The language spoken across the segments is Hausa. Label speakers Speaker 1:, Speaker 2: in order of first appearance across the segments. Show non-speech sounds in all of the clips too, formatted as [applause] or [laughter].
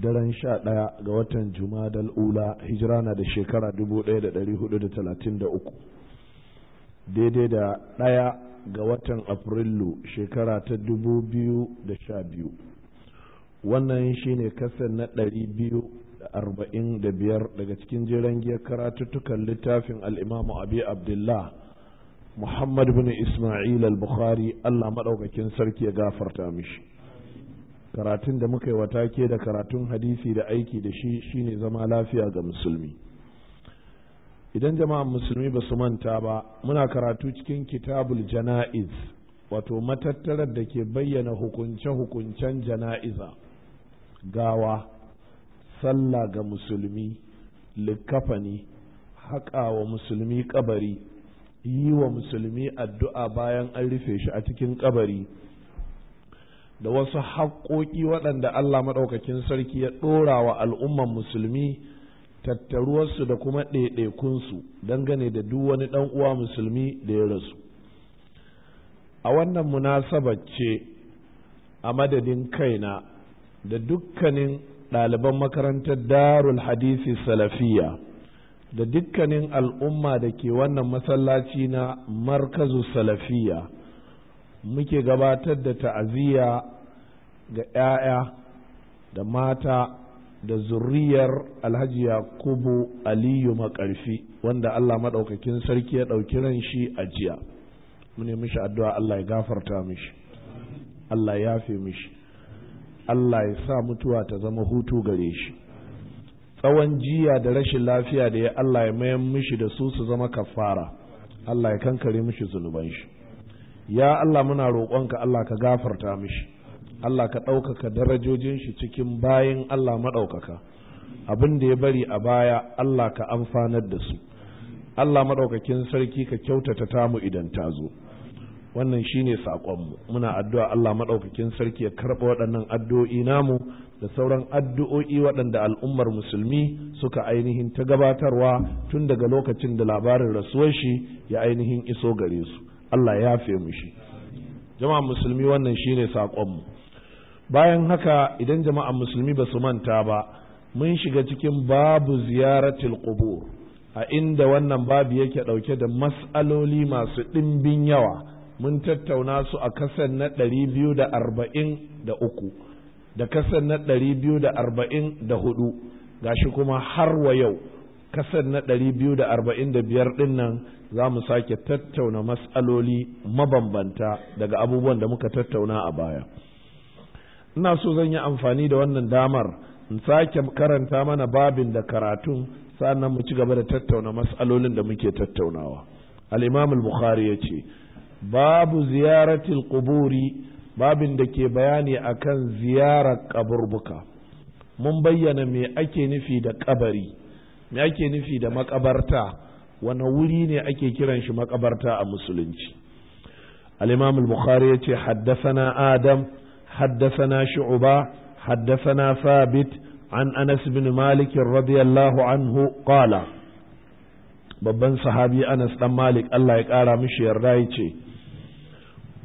Speaker 1: daren sha ɗaya ga watan jumadal ula hijira na da shekara 1433 daidai da ɗaya ga watan afrilu shekara ta 2012 wannan shine kasar na 245 daga cikin jiran giyar karatuttukan littafin al'imamu abi abdullah muhammad bin ismail al-bukhari allah maɗaukakin sarki ya gafarta mishi karatun da muka yi wata ke da karatun hadisi da aiki da shi shine zama lafiya ga musulmi idan jama'an musulmi ba su manta ba muna karatu cikin kitabul jana'iz wato matattarar da ke bayyana hukunce-hukuncen jana'iza gawa sallah ga musulmi likafani haƙa wa musulmi kabari yi wa musulmi addu'a bayan an rufe shi a cikin kabari da wasu haƙoƙi waɗanda Allah maɗaukakin sarki ya ɗora wa al'umman musulmi tattaruwarsu da kuma ɗaiɗaikunsu dangane da duk wani ɗan uwa musulmi da ya rasu a wannan munasabar ce a madadin kaina da dukkanin ɗaliban makarantar darul hadisi salafiya da dukkanin al'umma da ke wannan masallaci na markazu salafiya muke gabatar da ta'aziyya ga 'ya'ya da mata da zurriyar alhaji yakubu aliyu makarfi wanda allah maɗaukakin sarki ya ɗauki ran shi a jiya mune mishi addu'a allah ya gafarta mishi allah ya fi mishi allah ya sa mutuwa ta zama hutu gare shi tsawon jiya da rashin lafiya da ya allah ya mayan mishi da su su zama kafara allah ya kankare mishi zunuban shi ya Allah muna roƙonka Allah ka gafarta mishi Allah ka ɗaukaka darajojin shi cikin bayan Allah maɗaukaka abin da ya bari a baya Allah ka amfanar da su Allah maɗaukakin sarki ka kyautata mu idan ta zo wannan shi ne saƙonmu muna addu'a Allah maɗaukakin sarki ya karɓa waɗannan addu'o'i namu da sauran addu'o'i waɗanda al'ummar musulmi suka ainihin ta gabatarwa tun daga lokacin da labarin rasuwar shi ya ainihin iso gare su Allah ya fiye mu shi Jama'an musulmi wannan shine saƙonmu bayan haka idan jama'a musulmi ba su manta ba mun shiga cikin babu ziyaratul qubur a inda wannan babu yake ɗauke da mas'aloli masu ɗimbin yawa mun tattauna su a kasan na ɗari biyu da arba'in da uku da kasan na ɗari biyu da arba'in da hudu gashi kuma har wa yau kasan na ɗari biyu da arba'in da biyar ɗin nan za mu sake tattauna matsaloli mabambanta daga abubuwan da muka tattauna a baya ina so zan yi amfani da wannan damar in sake karanta mana babin da karatun sannan mu ci gaba da tattauna matsalolin da muke tattaunawa al-imam al-bukhari yace babu ziyaratil quburi babin da ke bayani akan ziyarar kaburbuka mun bayyana me ake nufi da kabari me ake nufi da makabarta wani wuri ne ake kiran shi makabarta a musulunci al-imam al-bukhari yace haddathana adam haddathana shu'ba haddathana thabit an anas bin malik radiyallahu anhu qala babban sahabi anas dan malik Allah ya kara mishi yarda yace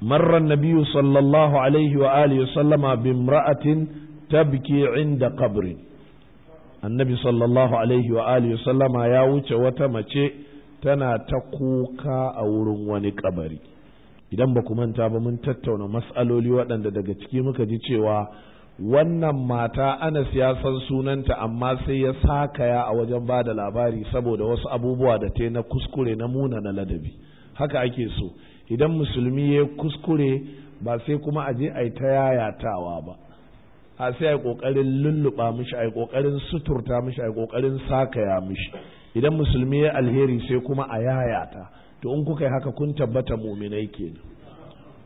Speaker 1: مر النبي صلى الله عليه وآله وسلم بامرأة تبكي عند قبر annabi sallallahu alaihi wa alihi sallama ya wuce wata mace tana ta kuka a wurin wani kabari idan ba ku manta ba mun tattauna matsaloli waɗanda daga ciki muka ji cewa wannan mata anas ya san sunanta amma sai ya sakaya a wajen ba da labari saboda wasu abubuwa da ta na kuskure na muna na ladabi haka ake so idan musulmi ya kuskure ba sai kuma a je a yi ta yayatawa ba a sai a kokarin lulluɓa mishi a kokarin suturta mishi a kokarin sakaya mishi idan musulmi ya alheri sai kuma a yayata to in kuka yi haka kun tabbata muminai kenan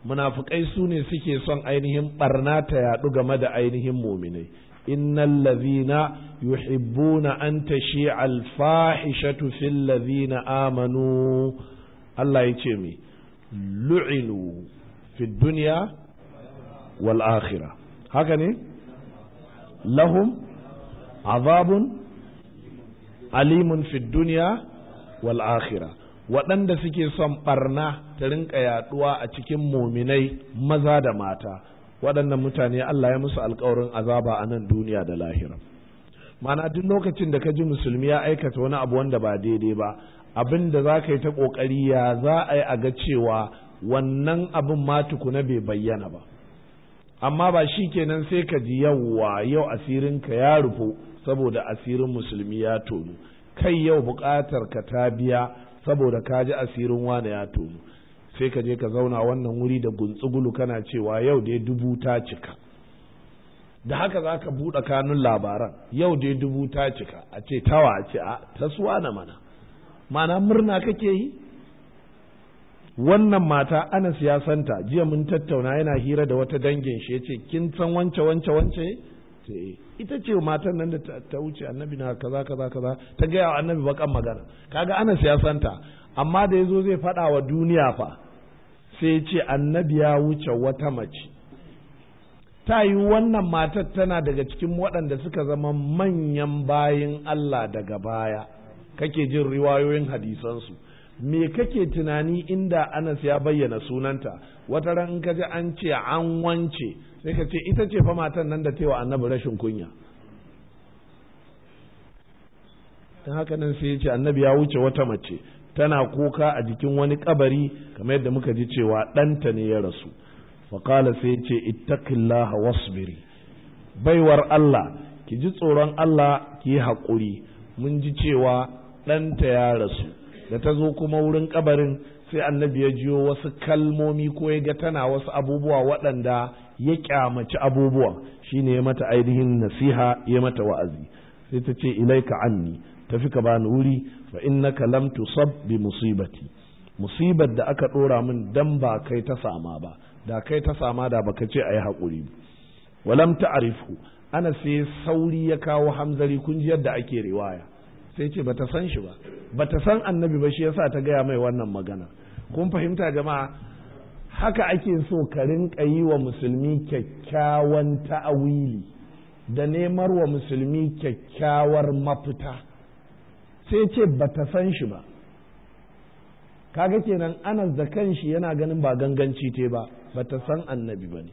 Speaker 1: munafukai su ne suke son ainihin barna ta yaɗu game da ainihin muminai innal ladhina yuhibbuna an tashi'a al-fahishatu fil ladhina amanu Allah ya ce mi lu'inu fi dunya wal akhirah haka ne lahum azabun alimun fi duniya wal akhirah waɗanda suke son barna ta rinka yaduwa a cikin muminai maza da mata waɗannan mutane Allah ya musu alƙawarin azaba a nan duniya da lahira mana duk lokacin da ka ji musulmi ya aikata wani abu wanda ba daidai ba abin da za ka yi ta ƙoƙari ya za a yi a ga cewa wannan abin ma tukuna bai bayyana ba amma ba shi kenan sai ka ji yawwa yau asirinka ya rufu saboda asirin musulmi ya tonu kai yau buƙatar ka ta biya saboda ka ji asirin wane ya tonu sai ka je ka zauna wannan wuri da guntsugulu kana cewa yau dai dubu ta cika da haka za ka buɗe kanun labaran yau dai dubu ta cika a ce tawa a ce a ta na mana mana murna kake yi wannan mata anas ya santa jiya mun tattauna yana hira da wata dangin shi yace kin san wance wance wance
Speaker 2: eh.
Speaker 1: ita ce matan nan da ta wuce annabi na kaza kaza kaza ta gaya wa annabi bakan magana kaga anas ya santa amma da yazo zai fada wa duniya fa sai ya ce annabi ya wuce wata mace ta yi wannan matar tana daga cikin waɗanda suka zama manyan bayin Allah daga baya kake jin riwayoyin hadisansu me kake tunani inda anas ya bayyana sunanta wata ran in kaji an ce an wance sai ka ce ita ce fa matan nan da tewa annabi rashin kunya ta haka nan sai ya ce annabi ya wuce wata mace tana kuka a jikin wani kabari kamar yadda muka ji cewa ɗanta ne ya rasu faƙala sai ya ce ittaqillaha wasbiri baiwar Allah ki ji tsoron Allah ki yi haƙuri mun ji cewa ɗanta ya rasu da ta zo kuma wurin kabarin sai annabi ya jiyo wasu kalmomi ko ya ga tana wasu abubuwa waɗanda ya kyamaci abubuwa shine ya mata ainihin nasiha ya mata wa'azi sai ta ce ilaika anni tafi ka bani wuri fa innaka lam tusab bi musibati musibar da aka ɗora min dan ba kai ta sama ba da kai ta sama da baka ce ayi hakuri walam ta'rifu ana sai sauri ya kawo hamzari kun ji yadda ake riwaya sai ce bata san shi ba bata san annabi ba shi yasa ta gaya mai wannan magana kun fahimta jama'a haka ake so ka rinka yi wa musulmi kyakkyawan ta'awili da nemar wa musulmi kyakkyawar mafita sai ce bata san shi ba kaga kenan anas da shi yana ganin ba ganganci te ba bata san annabi ba ne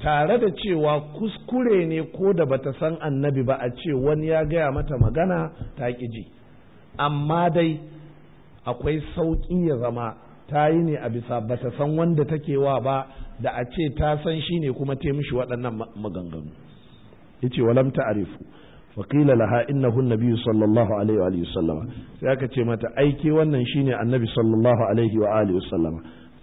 Speaker 1: tare da cewa kuskure ne ko da bata san annabi ba a ce wani ya gaya mata magana ta ki ji amma dai akwai sauƙi ya zama ta yi ne a bisa bata san wanda take wa ba da a ce ta san shi ne kuma ta mishi waɗannan maganganu Ya ce walam ta'rifu fa qila laha inna hun nabi sallallahu alaihi wa wa sallama. sai aka ce mata aike wannan shine annabi sallallahu alaihi wa alihi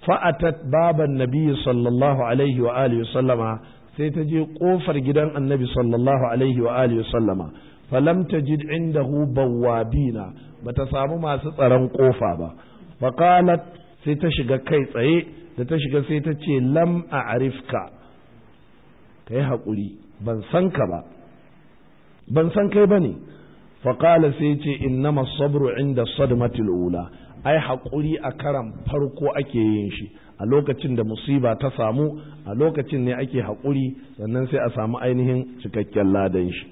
Speaker 1: fa'atat baban nabi sallallahu alaihi wa alihi sallama sai ta je ƙofar gidan annabi sallallahu alaihi wa alihi sallama falam tajid indahu bawabina ta samu masu tsaron ƙofa ba faqalat sai ta shiga kai tsaye da ta shiga sai ta ce lam a'rifka Ka yi haƙuri. ban san ka ba ban san kai bane faqala sai ce innama sabru inda sadmatil ula ai haƙuri a karan farko ake yin shi a lokacin da musiba ta samu a lokacin ne ake haƙuri sannan sai a samu ainihin cikakken ladan shi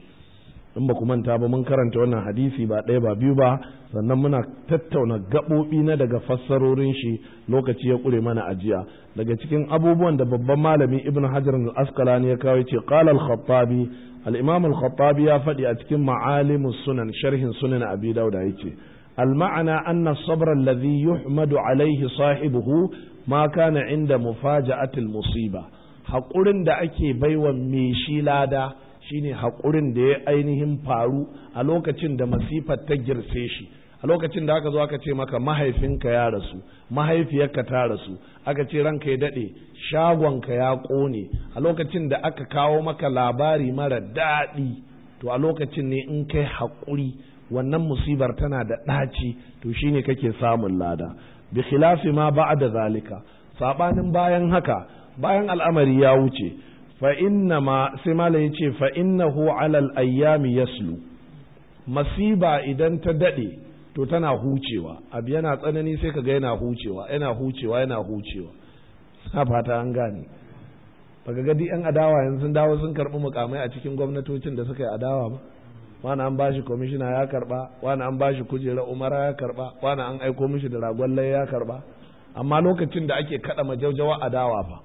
Speaker 1: in ba ku manta ba mun karanta wannan hadisi ba ɗaya ba biyu ba sannan muna tattauna gaɓoɓi na daga fassarorin shi lokaci ya ƙure mana ajiya daga cikin abubuwan da babban malami ibn hajar al askalani ya kawo ce qala al-khattabi al-imam al-khattabi ya faɗi a cikin ma'alimus sunan sharhin sunan abi dauda yace المعنى أن الصبر الذي يحمد عليه صاحبه ما كان عند مفاجأة المصيبة haƙurin da ake baiwa mai shi lada shine haƙurin da ya ainihin faru a lokacin da masifar ta girse shi a lokacin da aka zo aka ce maka mahaifinka ya rasu mahaifiyarka ta rasu aka ce ranka ya daɗe shagonka ya ƙone a lokacin da aka kawo maka labari mara daɗi to a lokacin ne in kai haƙuri wannan musibar tana da ɗaci to shine kake samun lada bi khilafi ma da zalika Saɓanin bayan haka bayan al'amari ya wuce fa ma sai mala yace fa innahu hu alal ayyami yaslu masiba idan ta daɗe to tana hucewa abu yana tsanani sai ka ga yana hucewa yana hucewa yana hucewa na fata an gane ba ga gadi yan adawa yanzu dawo sun karbi mukamai a cikin gwamnatocin da suka yi adawa ba wani an bashi kwamishina ya karba wani an bashi kujera umara ya karba wani an aiko mishi da ragon ya karba amma lokacin da ake kada majaujawa a dawa fa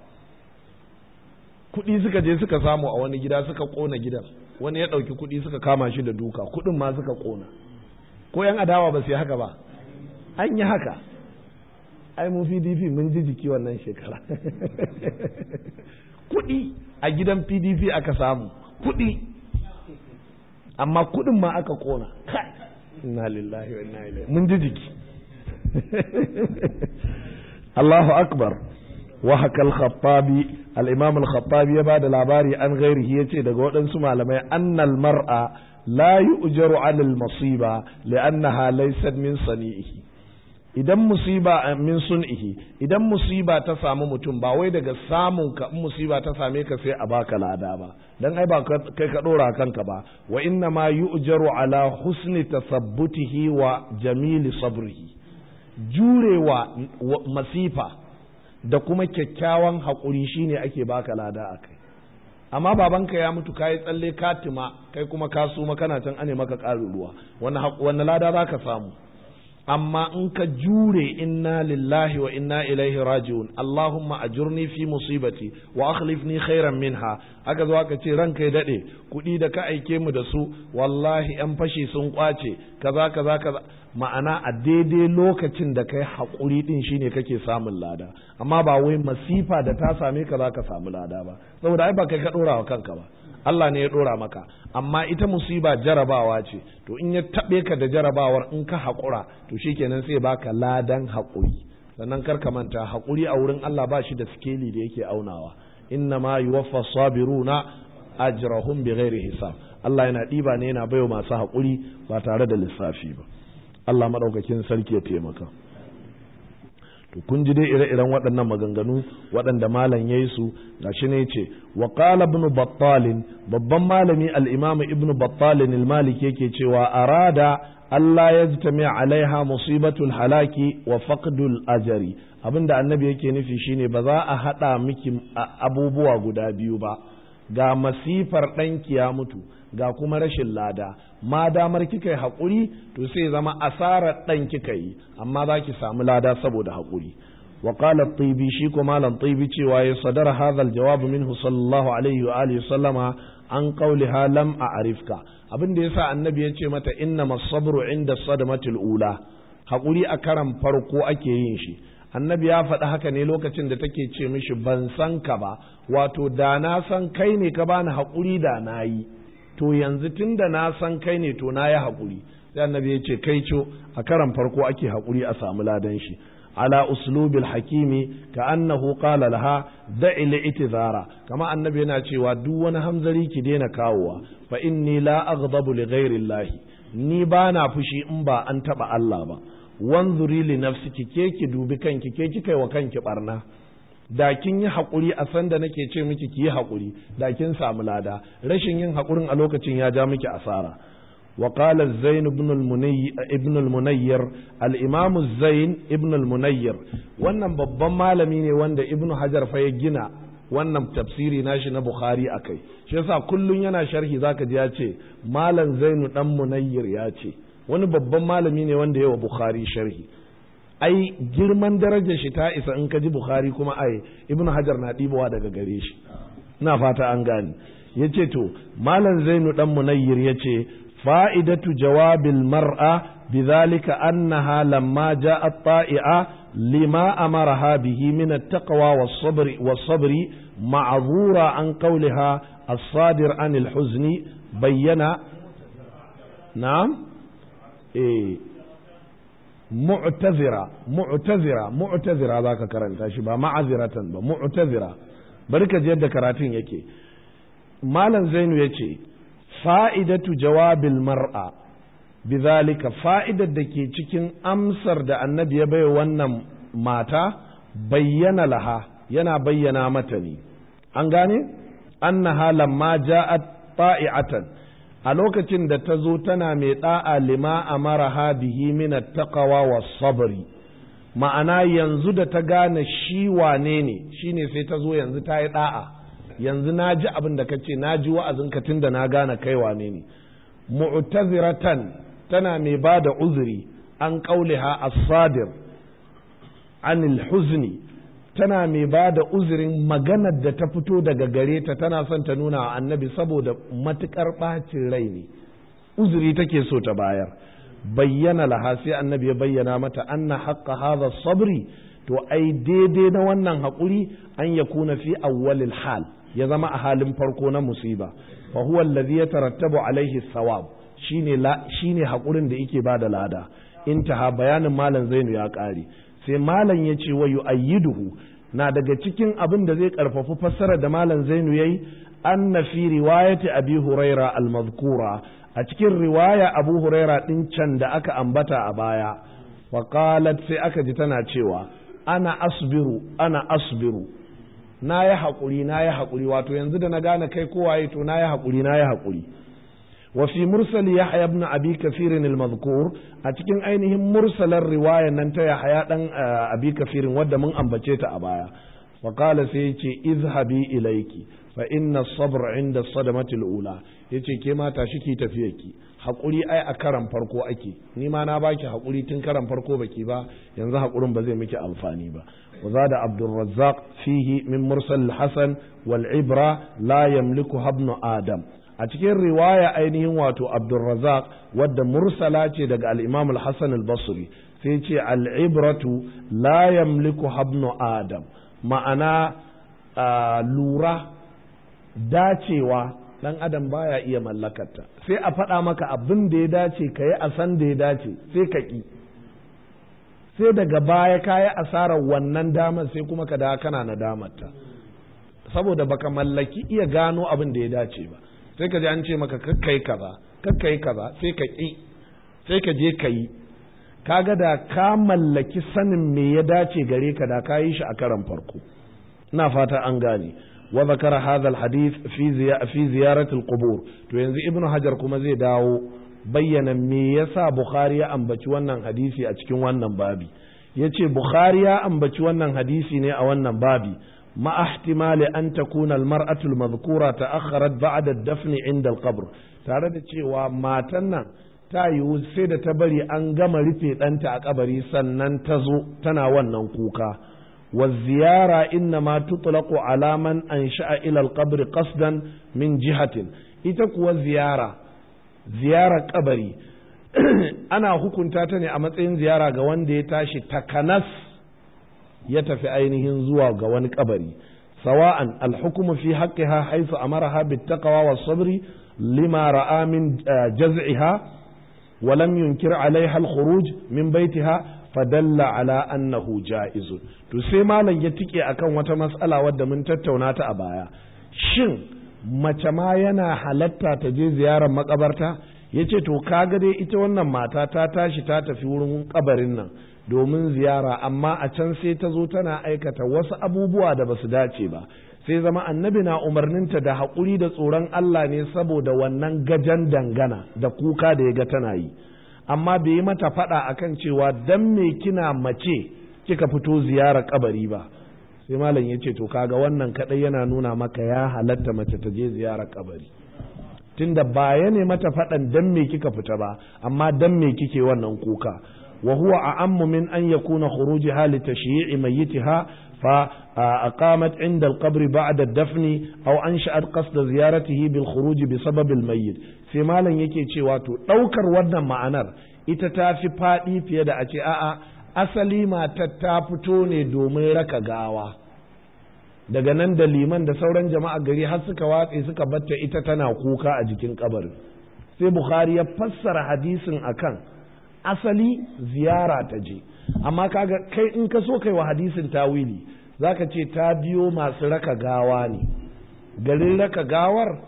Speaker 1: kuɗi suka je suka samu a wani gida suka kona gidan wani ya ɗauki kuɗi suka kama shi da duka kuɗin ma suka kona ko yan adawa ba su yi haka ba an yi haka ai mun pdp mun ji jiki wannan shekara [laughs] kuɗi a gidan pdp aka samu kuɗi amma kuɗin ma aka kona inna lillahi wa inna ilaihi mun ji jiki [laughs] Allahu akbar wa hakal khattabi al-imam al-khattabi ya bada labari an ghairihi yace daga waɗansu malamai annal mar'a la yu'jaru 'ala al-masiba li'annaha laysat min sani'ihi idan musiba eh, min sun'ihi idan musiba ta samu mutum ba wai daga samun ka in musiba ta same ka sai a baka lada ba dan ai ba kai ka dora kanka ba wa inna ma yu'jaru ala husni tasabbutihi wa jamili sabrihi jurewa masifa da kuma kyakkyawan hakuri shine ake baka lada akai amma babanka ya mutu kayi tsalle katima kai kuma ka suma kana can ane maka ƙarin ruwa wannan lada zaka samu amma in ka jure inna lillahi wa inna ilaihi raji'un allahumma ajurni fi musibati wa akhlifni khairan minha aka zo aka ce ranka ya dade kudi da ka aike mu da su wallahi yan fashi sun kwace kaza kaza kaza ma'ana a daidai lokacin da kai haƙuri din shine kake samun lada amma ba wai masifa da ta same ka za ka samu lada ba saboda ai ba kai ka dora wa kanka ba Allah ne ya ɗora maka amma ita musiba jarabawa ce to in ya taɓe ka da jarabawar in ka haƙura to shikenan sai baka ladan haƙuri sannan kar ka manta haƙuri a wurin Allah ba shi da sikeli da yake aunawa inna ma yuwaffa sabiruna ajrahum bighairi hisab Allah yana ɗiba ne yana baiwa masu haƙuri ba tare da lissafi ba Allah maɗaukakin sarki ya taimaka to kun ji dai ire-iren waɗannan maganganu waɗanda malam ya yi su ga shi ne ce wa ƙala ibn battalin babban malami al-imam ibn battalin ilmalik yake cewa arada Allah ya zita jitami alaiha musibatul halaki wa faqdul ajari abinda annabi yake nufi shine ba za a haɗa miki abubuwa guda biyu ba ga masifar ɗanki ya mutu ga kuma rashin lada ma damar kika yi haƙuri to sai zama asarar ɗan kika yi amma za ki samu lada saboda haƙuri wa qala tibi shi ko malam tibi cewa ya sadar hadha jawabu jawab minhu sallallahu alaihi wa alihi sallama an qawliha lam a'rifka abin da yasa annabi ya ce mata inna as-sabru inda sadmatil ula haƙuri a karan farko ake yin shi annabi ya faɗi haka ne lokacin da take ce mishi ban san ka ba wato da na san kai ne ka bani haƙuri da na yi to yanzu tun da na san kai ne to na yi haƙuri sai annabi ya ce kai co a karan farko ake haƙuri a samu ladan shi ala uslubil hakimi ka annahu qala laha da'i li itizara kama annabi yana cewa duk wani hamzari ki daina kawowa fa inni la aghdabu li ghairi ni ba na fushi in ba an taba Allah ba wanzuri li nafsiki ke ki dubi kanki ke ki kai wa kanki barna da kin yi hakuri a sanda nake ce miki ki yi hakuri da kin samu lada rashin yin haƙurin a lokacin ya ja miki asara Wakalar الزين al المني ابن المنير zain ibn al munayyir wannan babban malami ne wanda ibn hajar fa ya gina wannan tafsiri nashi na bukhari akai shi yasa kullun yana sharhi zaka ji ya ce malam zainu dan munayyir ya ce wani babban malami ne wanda yawa bukhari sharhi ai girman darajar shi ta isa in ka ji bukhari kuma ai ibnu hajar na ɗibowa daga gare shi ina fata an gane ya ce to malam zainu dan munayyir ya ce fa'idatu jawabil mar'a bidhalika annaha lamma ja'at ta'i'a lima amaraha bihi min at-taqwa was was-sabri ma'zura an qawliha as-sadir an huzni bayyana na'am eh mu'tazira mu'tazira mu'tazira zaka karanta shi ba ma'aziratan ba mu'tazira bari ka ji yadda karatun yake malam zainu yace fa'idatu jawabil mar'a bizalika fa'idar da ke cikin amsar da annabi ya bai wannan mata bayyana laha yana bayyana mata ne an gane annaha lamma ja'at ta'i'atan a lokacin da ta zo tana mai ɗa'a lima a bihi min taqwa wa sabri ma'ana yanzu da ta gane shi wane ne shine sai ta zo yanzu ta yi da'a yanzu na ji abin da kace na ji wa'azin ka tunda na gane kai wane ne mu'taziratan tana mai ba da uzuri an qauliha as-sadir anil huzni tana mai ba da uzurin maganar da ta fito daga gare ta tana son ta nuna wa annabi saboda matukar ɓacin rai ne uzuri take so ta bayar bayyana laha sai annabi ya bayyana mata anna haqqa haza sabri to ai daidai na wannan haƙuri an ya kuna fi awwalil hal ya zama a halin farko na musiba fa huwa allazi yatarattabu alaihi thawab shine la shine haƙurin da yake bada lada intaha bayanin malam zainu ya ƙare sai malam ya ce wa yu'ayyiduhu na daga cikin abin da zai karfafi fassara da malam zainu yayi anna fi riwayati abi huraira Almaskura, a cikin riwaya abu huraira ɗin can da aka ambata a baya wa sai aka ji tana cewa ana asbiru ana asbiru na yi haƙuri na yi haƙuri wato yanzu da na gane kai kowaye to na yi haƙuri na yi haƙuri wa fi mursal yahya ibn abi kasir a cikin ainihin mursalar riwaya nan ta yahya dan abi kasir wadda mun ambace ta a baya wa sai yace izhabi ilayki fa inna sabr inda sadamati al-ula yace ke ma tashi ki tafiyarki hakuri ai a karan farko ake ni ma na baki hakuri tun karan farko baki ba yanzu hakurin ba zai miki amfani ba وزاد عبد الرزاق فيه من مرسل الحسن والعبرة لا يملكها habnu Adam. a cikin riwaya ainihin wato abdulrazak wadda mursala ce daga alimam al hassan al-basri sai ce al'ibratu la yamliku habnu adam ma'ana lura dacewa dan adam baya iya mallakarta sai a faɗa maka abin da ya dace ka yi a san da ya dace sai ka ƙi sai daga baya ka yi asarar wannan damar sai kuma ka da kana na damarta saboda baka mallaki iya gano abin da ya dace ba sai ka je an ce maka kakkai kaza kakkai ba sai ka ƙi sai ka je ka yi kaga da ka mallaki sanin me ya dace gare ka da ka yi shi a karan farko ina fata an gane wa zakara hadha hadith fi fi ziyarat qubur to yanzu ibnu hajar kuma zai dawo bayyana me yasa bukhari ya ambaci wannan hadisi a cikin wannan babi yace bukhari ya ambaci wannan hadisi ne a wannan babi مع احتمال أن تكون المرأة المذكورة تأخرت بعد الدفن عند القبر tare da cewa matan nan ta yiwu sai da ta bari an gama rufe ɗanta a kabari sannan ta zo tana wannan kuka wa ziyara inna ma tutlaqu ala man ansha'a ilal al ƙasdan min jihatin ita kuwa ziyara ziyara kabari ana hukunta ta ne a matsayin ziyara ga wanda ya tashi takanas ya tafi ainihin zuwa ga wani kabari sawa'an alhukumu fi haqqiha haythu amaraha taqwa was sabri lima ra'a min eh, jaz'iha wa lam yunkir 'alayha al-khuruj min baytiha fadalla ala annahu jaiz to sai malam ya tike akan wata mas'ala wadda mun tattauna ta a baya shin mace ma yana halatta ta je ziyarar makabarta yace to kaga dai ita wannan mata ta tashi ta tafi wurin kabarin nan domin ziyara amma a can sai ta zo tana aikata wasu abubuwa da ba su dace ba sai zama annabi na umarninta da haƙuri da tsoron Allah ne saboda wannan gajan dangana da kuka da ya ga tana yi amma bai yi mata faɗa akan cewa dan me kina mace kika fito ziyara kabari ba sai malam ya ce to kaga wannan kaɗai yana nuna maka ya halatta mace ta je ziyara kabari tunda ba ya ne mata faɗan dan me kika fita ba amma dan me kike wannan kuka a وهو أعم من أن يكون خروجها لتشييع ميتها فأقامت عند القبر بعد الدفن أو أنشأت قصد زيارته بالخروج بسبب الميت sai malam yake cewa to ɗaukar wannan ma'anar ita ta fi faɗi fiye da a ce a'a asali matar ta fito ne domin raka gawa daga nan da liman da sauran jama'a gari har suka watse suka batta ita tana kuka a jikin kabarin sai bukhari ya fassara hadisin akan asali ziyara ta je amma kaga kai in ka so kai wa hadisin tawili zaka ce ta biyo masu raka gawa ne garin raka gawar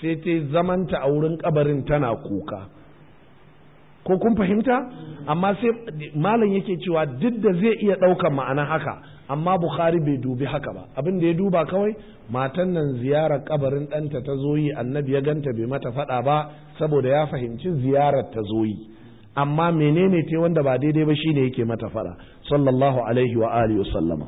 Speaker 1: sai ta zamanta a wurin kabarin tana kuka ko kun fahimta amma sai malam yake cewa duk da zai iya ɗaukan ma'ana haka amma bukhari bai dubi haka ba abin da ya duba kawai matan nan ziyarar kabarin ɗanta ta zo yi annabi ya ganta bai mata faɗa ba saboda ya fahimci ziyarar ta zo yi amma menene ce wanda ba daidai ba shine yake mata fara sallallahu alaihi wa alihi wa sallama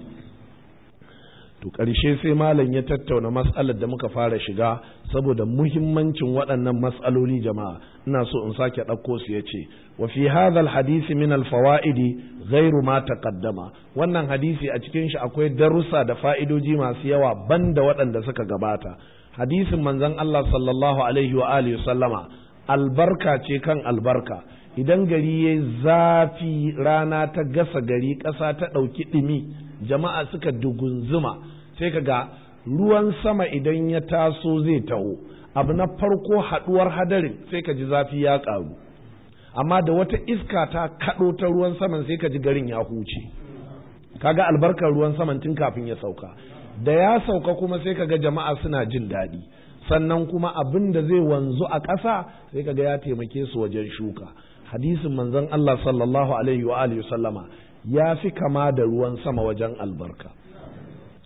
Speaker 1: to ƙarshe sai malam ya tattauna mas'alar da muka fara shiga saboda muhimmancin waɗannan mas'aloli jama'a ina so in sake ɗauko su yace wa fi hadha alhadith min alfawaidi ghairu ma taqaddama wannan hadisi a cikin shi akwai darussa da fa'idoji masu yawa banda waɗanda suka gabata hadisin manzon Allah sallallahu alaihi wa alihi sallama albarka ce kan albarka idan gari ya zafi rana ta gasa gari ƙasa ta ɗauki ɗumi jama'a suka dugunzuma sai ka ga ruwan sama idan ya taso zai taho abu na farko haɗuwar hadarin sai ka ji zafi ya ƙaru amma da wata iska ta kaɗo ta ruwan saman sai ka ji garin ya huce kaga albarkar ruwan saman tun kafin ya sauka da ya sauka kuma sai ka ga jama'a suna jin daɗi sannan kuma abin da zai wanzu a ƙasa sai ka ga ya taimake su wajen shuka hadisin manzon Allah sallallahu alaihi wa alihi sallama ya fi kama da ruwan sama wajen albarka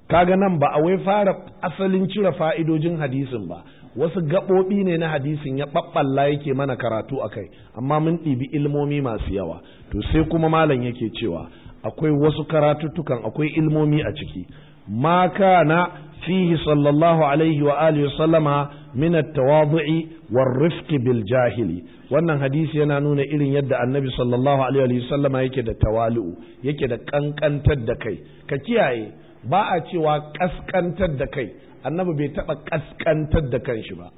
Speaker 1: kaga nan ba a wai fara asalin cire fa'idojin hadisin ba wasu gaɓoɓi ne na hadisin ya ɓaɓɓalla yake mana karatu a kai amma mun ɗibi ilmomi masu yawa to sai kuma malam yake cewa akwai wasu karatuttukan akwai ilmomi a ciki Maka na. fihi sallallahu alaihi wa alihi wa sallama min at-tawadhu'i bil jahili wannan hadisi yana nuna irin yadda annabi sallallahu alaihi wa sallama yake da tawali'u yake da kankantar da kai ka kiyaye ba a cewa kaskantar da kai annabi bai taba kaskantar da kanshi ba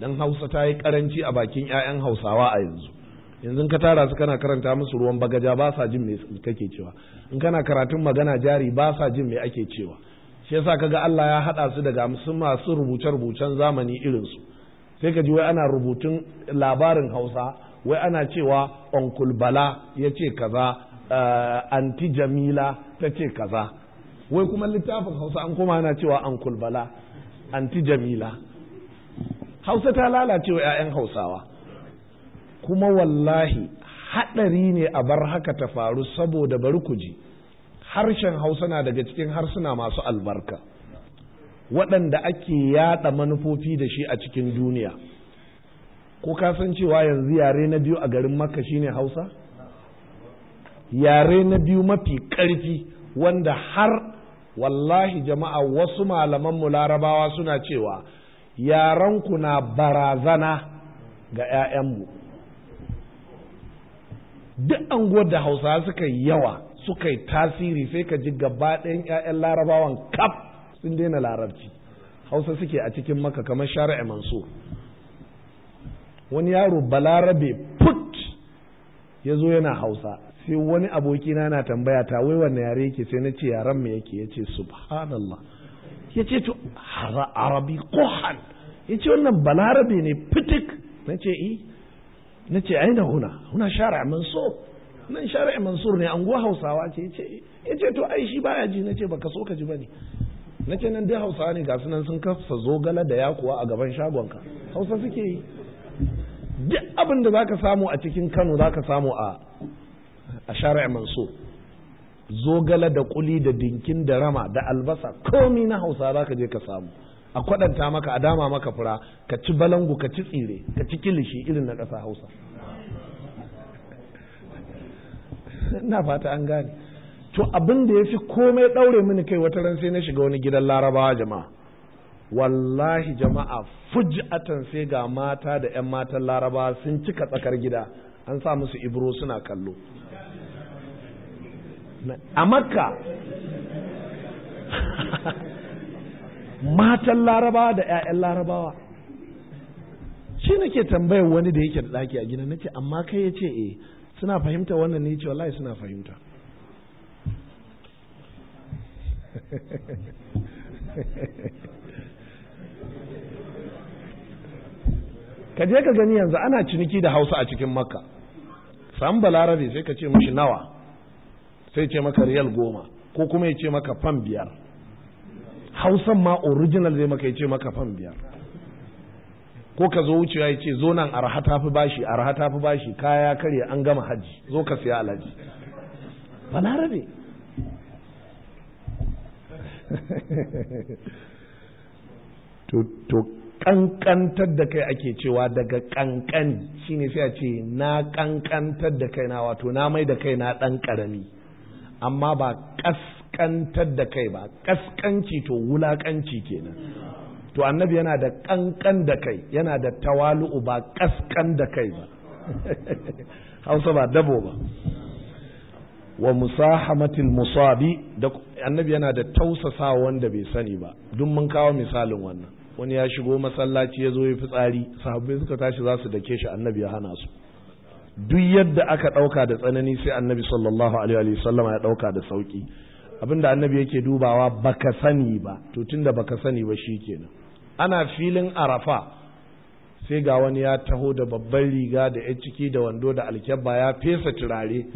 Speaker 1: dan Hausa ta yi karanci a bakin ƴaƴan Hausawa a yanzu yanzu ka tara su kana karanta musu ruwan bagaja ba sa jin me kake cewa in kana karatun magana jari ba sa jin me ake cewa shi yasa kaga Allah ya hada su daga musu masu rubuce-rubucen zamani irin su sai ka ji wai ana rubutun labarin Hausa wai ana cewa onkul Bala ya ce kaza eh, anti Jamila ta ce kaza wai kuma littafin Hausa an kuma ana cewa onkul Bala anti Jamila Hausa ta lalace wa 'ya'yan Hausawa kuma wallahi haɗari ne a bar haka ta faru saboda bari ku ji harshen hausa na daga cikin harsuna masu albarka waɗanda ake yaɗa manufofi da shi a cikin duniya ko ka san cewa yanzu yare na biyu a garin makka shine hausa yare na biyu mafi ƙarfi wanda har wallahi jama'a wasu malaman mu larabawa suna cewa yaranku na barazana ga 'ya'yanmu duk anguwar da hausa suka yawa suka yi tasiri sai ka ji gabaɗayan 'ya'yan larabawan kaf sun daina larabci hausa suke a cikin maka kamar shari'a manso wani yaro balarabe put ya zo yana hausa sai wani abokina na tambaya ta wai wanne yare yake sai na ce yaren mu yake ya ce subhanallah ya ce to arabi kohan ya ce wannan balarabe ne fitik na ce i eh. na ce aina huna huna shara min nan shari'a mansur ne anguwa hausawa ce ya ce to ai shi baya ji na ce baka so ka ji bane na ce nan dai hausawa ne gasu nan sun kasa zogala da yakuwa a gaban shagonka hausa suke yi duk abin da ka samu a cikin kano za ka samu a a shari'a mansur zogala da kuli da dinkin da rama da albasa komi na hausa za ka je ka samu a kwaɗanta maka a dama maka fura ka ci balangu ka ci tsire ka ci kilishi irin na ƙasa hausa [laughs] ina fata an gane to abin da ya fi komai ɗaure mini kai wata ran sai na shiga wani gidan larabawa jama'a wallahi jama'a fuj'atan sai ga mata da 'yan matan larabawa sun cika tsakar gida an sa musu ibro suna kallo a makka
Speaker 2: [laughs]
Speaker 1: matan larabawa da 'ya'yan larabawa shi nake tambayar wani da yake da ɗaki a gida nake amma kai ya ce eh suna fahimta wannan ne ce wallahi suna fahimta
Speaker 2: [laughs]
Speaker 1: ka je ka gani yanzu ana ciniki da hausa a cikin makka sam balarabe sai ka ce mashi nawa sai ce maka riyal goma ko kuma ya ce maka fan biyar hausan ma original zai maka ya ce maka fan biyar ko ka zo wucewa ya ce zo nan arha ta fi bashi arha ta fi bashi kaya karya an gama hajji zo ka siya alhaji balarabe
Speaker 2: [laughs]
Speaker 1: to kankantar da kai ake cewa daga kankani shine sai a ce na kankantar da kaina wato na mai da kaina dan karami amma ba kaskantar da kai ba kaskanci to wulakanci kenan to annabi yana da kankan da kai yana da tawalu'u ba kaskan da kai ba [laughs] hausa ba dabo ba wa musahamatil musabi da annabi yana da tausasa wanda bai sani ba duk mun kawo misalin wannan wani ya shigo masallaci ya zo ya fitsari sahabbai suka tashi za su dake shi annabi ya hana su duk yadda aka ɗauka da tsanani sai annabi sallallahu alaihi wasallam ya ɗauka da sauki abinda annabi yake dubawa baka sani ba to tunda baka sani ba shikenan ana filin arafa sai ga wani ya taho da babban riga da ya ciki da wando da alkyabba ya fesa turare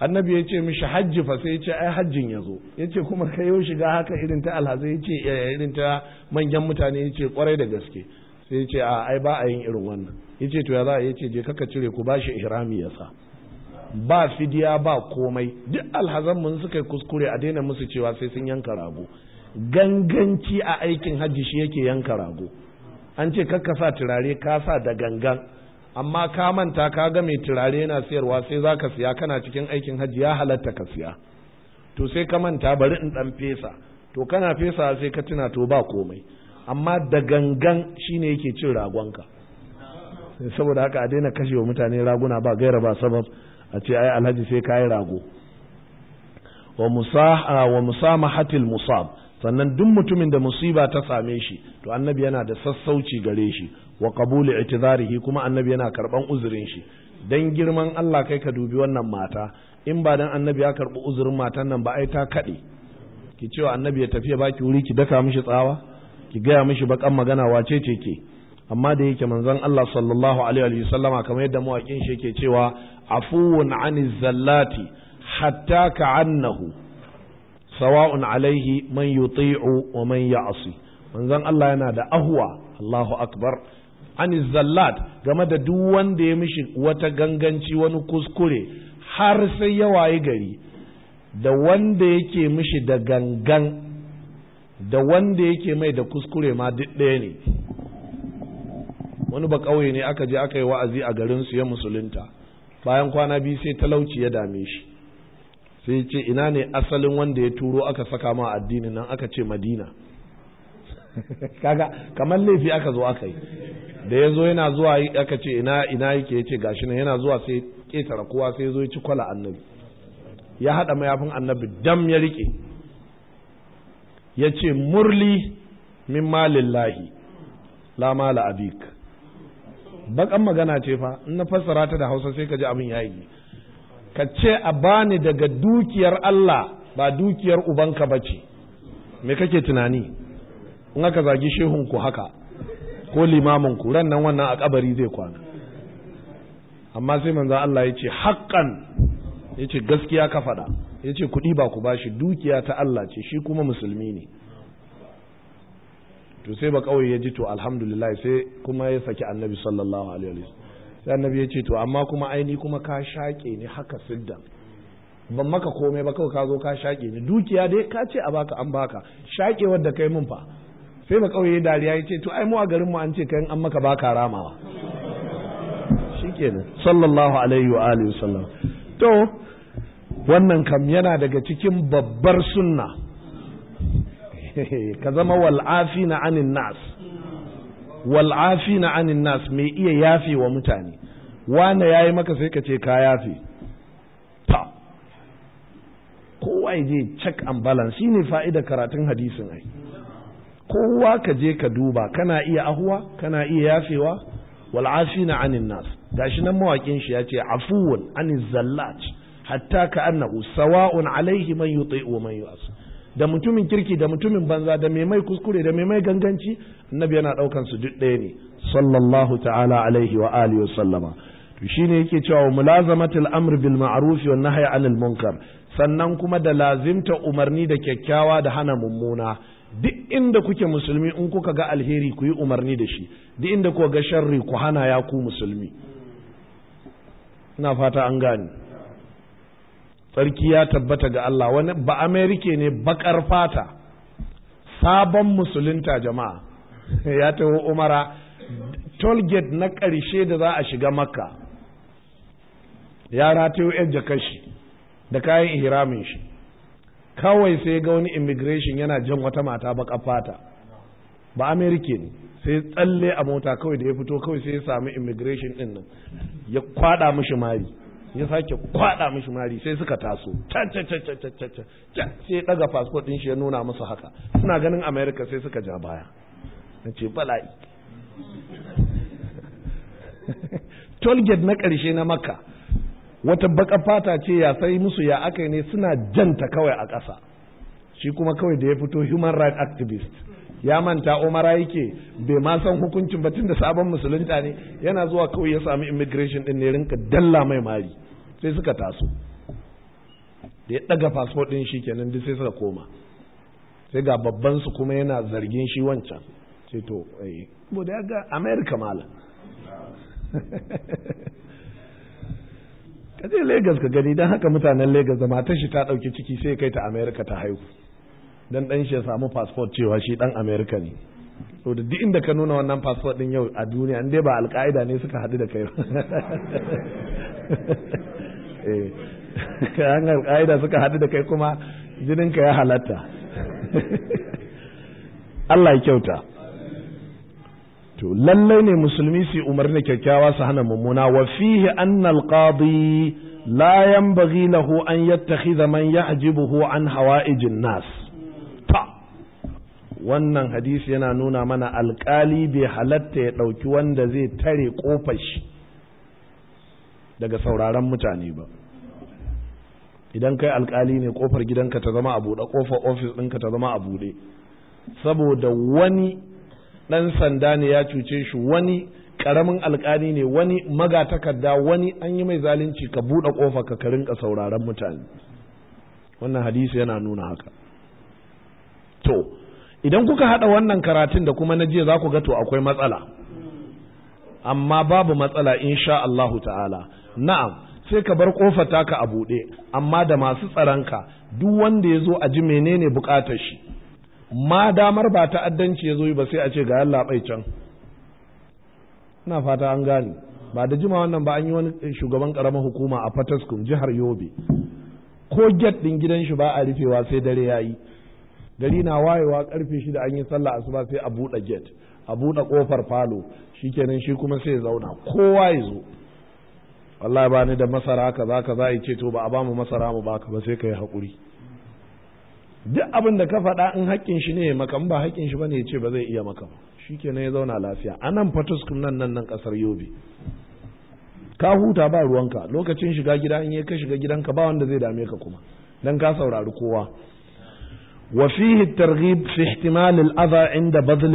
Speaker 1: annabi ya ce mishi hajji fa sai ya ce ai hajjin ya zo ya ce kuma ka yau shiga haka irin ta alhazai ya ce eh, irin ta manyan mutane ya ce kwarai da gaske sai ya ce a ai ba a yin irin wannan ya ce to ya za a ya ce je kaka cire ku ba shi ihrami ya sa ba fidiya ba komai duk alhazan mun suka kuskure a daina musu cewa sai sun yanka rago ganganci a aikin hajji shi yake yanka rago an ce kakka sa turare ka sa da gangan amma ka manta ka ga mai turare yana siyarwa sai za ka siya kana cikin aikin hajji ya halatta ka siya to sai ka manta bari in dan fesa to kana fesa sai ka tuna to ba komai amma da gangan shine yake cin ragonka saboda haka a daina kashe wa mutane raguna ba gaira ba sabab a ce ai alhaji sai kayi rago wa musamahatil musab sannan duk mutumin da musiba ta same shi to annabi yana da sassauci gare shi wa qabuli i'tizarihi kuma annabi yana karban uzurin shi dan girman Allah kai ka dubi wannan mata in ba dan annabi ya karbi uzurin matan nan ba ai ta kade ki cewa annabi ya tafi ya baki wuri ki daka mishi tsawa ki gaya mishi bakan magana wace ce ke amma da yake manzon Allah sallallahu alaihi wa sallama kamar yadda mawakin shi yake cewa afuwun aniz zallati hatta ka hannahu. sawa'un alaihi man yuti'u wa man ya'si manzon Allah yana da ahwa Allahu akbar Ani zallat game da duk wanda ya mishi wata ganganci wani kuskure har sai ya wayi gari da wanda yake mishi da gangan da wanda yake mai da kuskure ma duk ɗaya ne wani ba ƙauye ne aka je aka yi wa'azi a garin su ya musulunta bayan kwana biyu sai talauci ya dame shi sai ce ina ne asalin wanda ya turo aka saka ma addinin nan aka ce madina [laughs] kaga kamar laifi aka zo aka yi da ya zo yana zuwa aka ce ina yake ya ce gashi nan yana zuwa sai ketara kowa sai ya zo ya ci kwala annabi ya haɗa mayafin annabi dam ya riƙe ya ce murli min malillahi la mala abik bakan magana ce fa in na fassara ta da hausa sai ka ji abin yayi ka ce a bani daga dukiyar Allah ba dukiyar ubanka ba ce me kake tunani in aka zagi shehunku haka ko limaminku ran nan wannan a kabari zai kwana amma sai manza Allah ya ce haƙƙan ya ce gaskiya ka faɗa ya ce kuɗi ba ku bashi dukiya ta Allah ce shi kuma musulmi ne to sai ba kawai ya ji to alhamdulillah sai kuma ya saki annabi sallallahu alaihi wasallam sai annabi ya ce to amma kuma aini kuma ka shaƙe ni haka siddan ban maka komai ba kawai ka zo ka shaƙe ni dukiya dai ka ce a baka an baka Shaƙe wadda kai mun fa sai ba kauye dariya ya ce to ai mu a garin mu an ce kai an maka baka ramawa shikenan sallallahu alaihi wa alihi wasallam to wannan kam yana daga cikin babbar sunna [laughs] ka zama afina anin nas Wal'afi afina anin nas mai iya yafe wa mutane wane yayi maka sai ka ce ka yafe ta kowa je check and balance shine fa'ida karatun hadisin ai kowa ka je ka duba kana iya ahuwa kana iya yafewa Wal'afi na anin nas gashi nan mawakin shi ya ce afuwun anin hatta ka annahu sawa'un alaihi man yuti'u man yu'asu da mutumin kirki da mutumin banza da mai mai kuskure da mai mai ganganci annabi yana daukan su duk ɗaya ne sallallahu ta'ala alaihi wa alihi wa sallama to shine yake cewa mulazamatul amr bil ma'ruf wa nahy anil munkar sannan kuma da lazimta umarni da kyakkyawa da hana mummuna duk inda kuke musulmi in kuka ga alheri ku yi umarni da shi duk inda kuka ga sharri ku hana ya ku musulmi ina fata an gani. sarki ya tabbata ga Allah wani ba amerike ne bakar fata sabon musulunta jama'a [laughs] ya taho umara gate na ƙarshe da za a shiga makka ya ratayo yan jakar shi da kayan ihramin shi kawai sai ga wani immigration yana jan wata mata baka fata ba amerike ne sai tsalle a mota kawai da ya fito kawai sai ya sami immigration din nan ya kwada mishi mari ya sake kwada mishi mari sai suka taso sai ya daga fasfot din shi ya nuna musu haka suna ganin america sai suka ja baya na ce bala'i [laughs] tolgate na ƙarshe na makka wata baka fata ce ya sai musu ya aka ne suna janta kawai a ƙasa shi kuma kawai da ya fito human rights activist ya manta umara yake bai ma san hukuncin ba da sabon musulunta ne yana zuwa kawai ya sami immigration din ne rinka dalla mai mari sai suka taso da ya daga passport din shi kenan duk sai suka koma sai ga babban su kuma yana zargin shi wancan sai to eh da ga America mala [laughs] ka Lagos ka gani dan haka mutanen Lagos da matar shi ta ɗauki ciki sai kai ta America ta haihu dan dan shi ya samu passport cewa shi dan America ne to da duk inda ka nuna wannan passport din yau a duniya in ba alƙa'ida ne suka haɗu da kai ba [laughs] eh, alƙa'ida suka haɗu da kai kuma jininka ya halatta [laughs] Allah ya kyauta to lallai ne musulmi su umarni kyakkyawa su hana mummuna wa fihi anna alqadi la yanbaghi lahu an yattakhidha man ya'jibuhu an hawa'ijin nas wannan hadisi yana nuna mana alkali bai halatta ya ɗauki wanda zai tare ƙofashi daga sauraron mutane ba idan kai alkali ne ƙofar gidanka ta zama a buɗe ƙofar ofis ɗinka ta zama a buɗe saboda wani ɗan sanda ne ya cuce shi wani ƙaramin alkali ne wani magatakarda wani an yi mai zalunci ka buɗe ƙofa ka ka sauraron mutane wannan hadisi yana nuna haka to idan kuka haɗa wannan karatun da kuma na jiya za ku ga to akwai matsala amma babu matsala insha Allah ta'ala na'am sai ka bar kofar taka a buɗe amma da masu tsaranka duk wanda ya zo a ji menene bukatar shi ma damar ba ta'addanci ya zo ba sai a ce ga Allah bai can ina fata an gane ba da jima wannan ba an yi wani shugaban karamar hukuma a Fataskum jihar Yobe ko get din gidan shi ba a rufewa sai dare yayi gari na wayewa karfe da an yi sallah asuba sai a buɗe gate a buɗe kofar falo shikenan shi kuma sai ya zauna kowa ya zo wallahi ba ni da masara ka za ka za a ce to ba a ba mu masara mu ba ka, ba sai kai hakuri duk abin da ka faɗa in haƙƙin shi ne maka ba haƙƙin shi bane ya ce ba zai iya maka kenan ya zauna lafiya anan fatuskum nan nan nan kasar yobe ka huta ba ruwanka lokacin shiga gida in ya ka shiga gidanka ba wanda zai dame ka kuma dan ka saurari kowa وفيه الترغيب في احتمال الأذى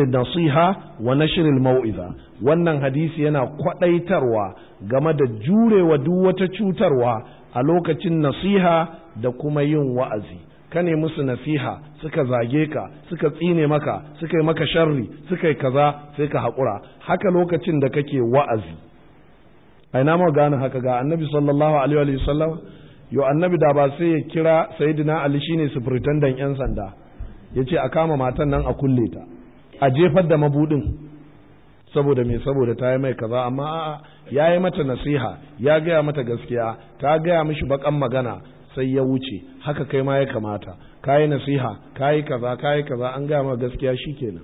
Speaker 1: nasiha wa na shirin الموئذة wannan hadisi yana kwadaitarwa game da jurewa duk wata cutarwa a lokacin nasiha da kuma yin wa'azi ka ne musu nasiha suka zage ka suka tsine maka suka yi maka sharri suka kaza sai ka haƙura haka lokacin da kake wa'azi ai na gane haka ga annabi sallallahu alaihi wa yo annabi da ba sai ya kira sayyidina ali shine sufritandan yan sanda yace a kama matan nan a kulle ta a jefar da mabudin saboda me saboda ta yi mai kaza amma a'a ya yi mata nasiha ya gaya mata gaskiya ta gaya mishi bakan magana sai ya wuce haka kai ma ya kamata ka yi nasiha ka yi kaza ka yi kaza an gaya maka gaskiya shikenan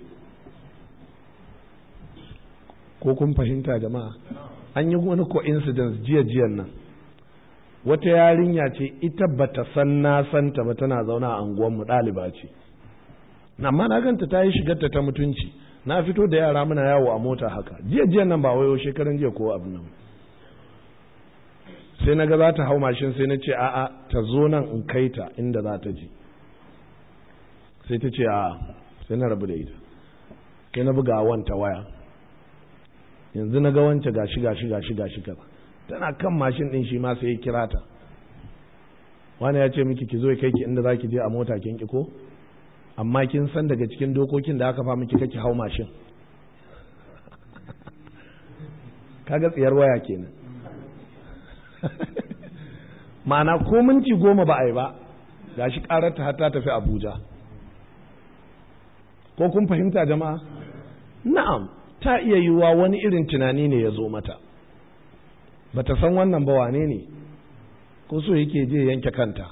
Speaker 1: ko kun fahimta jama'a an yi wani coincidence jiya jiyan nan wata yarinya ce ita bata san na santa ba tana zauna a unguwanmu ɗaliba ce amma na ganta ta yi shigarta ta mutunci na fito da yara muna yawo a mota haka jiya jiya nan ba wayo shekaran jiya ko abu nan sai na ga za ta hau mashin sai na ce a'a ta zo nan in kai ta inda za ta ji sai ta ce a'a sai na rabu da ita kai na buga wanta waya yanzu na ga wance gashi gashi gashi gashi kaza tana kan mashin din shi ma sai ya kira ta wani ya ce miki ki zo kai ki inda zaki je a mota kin ki ko amma kin san daga cikin dokokin da aka fa miki kake hau mashin [laughs] kaga tsiyar waya kenan [laughs] ma'ana ko minti goma ba a yi ba gashi karar ta ta tafi Abuja ko kun fahimta jama'a na'am ta iya yiwuwa wani irin tunani ne ya zo mata bata san wannan ba wane ne ko so yake je yanke kanta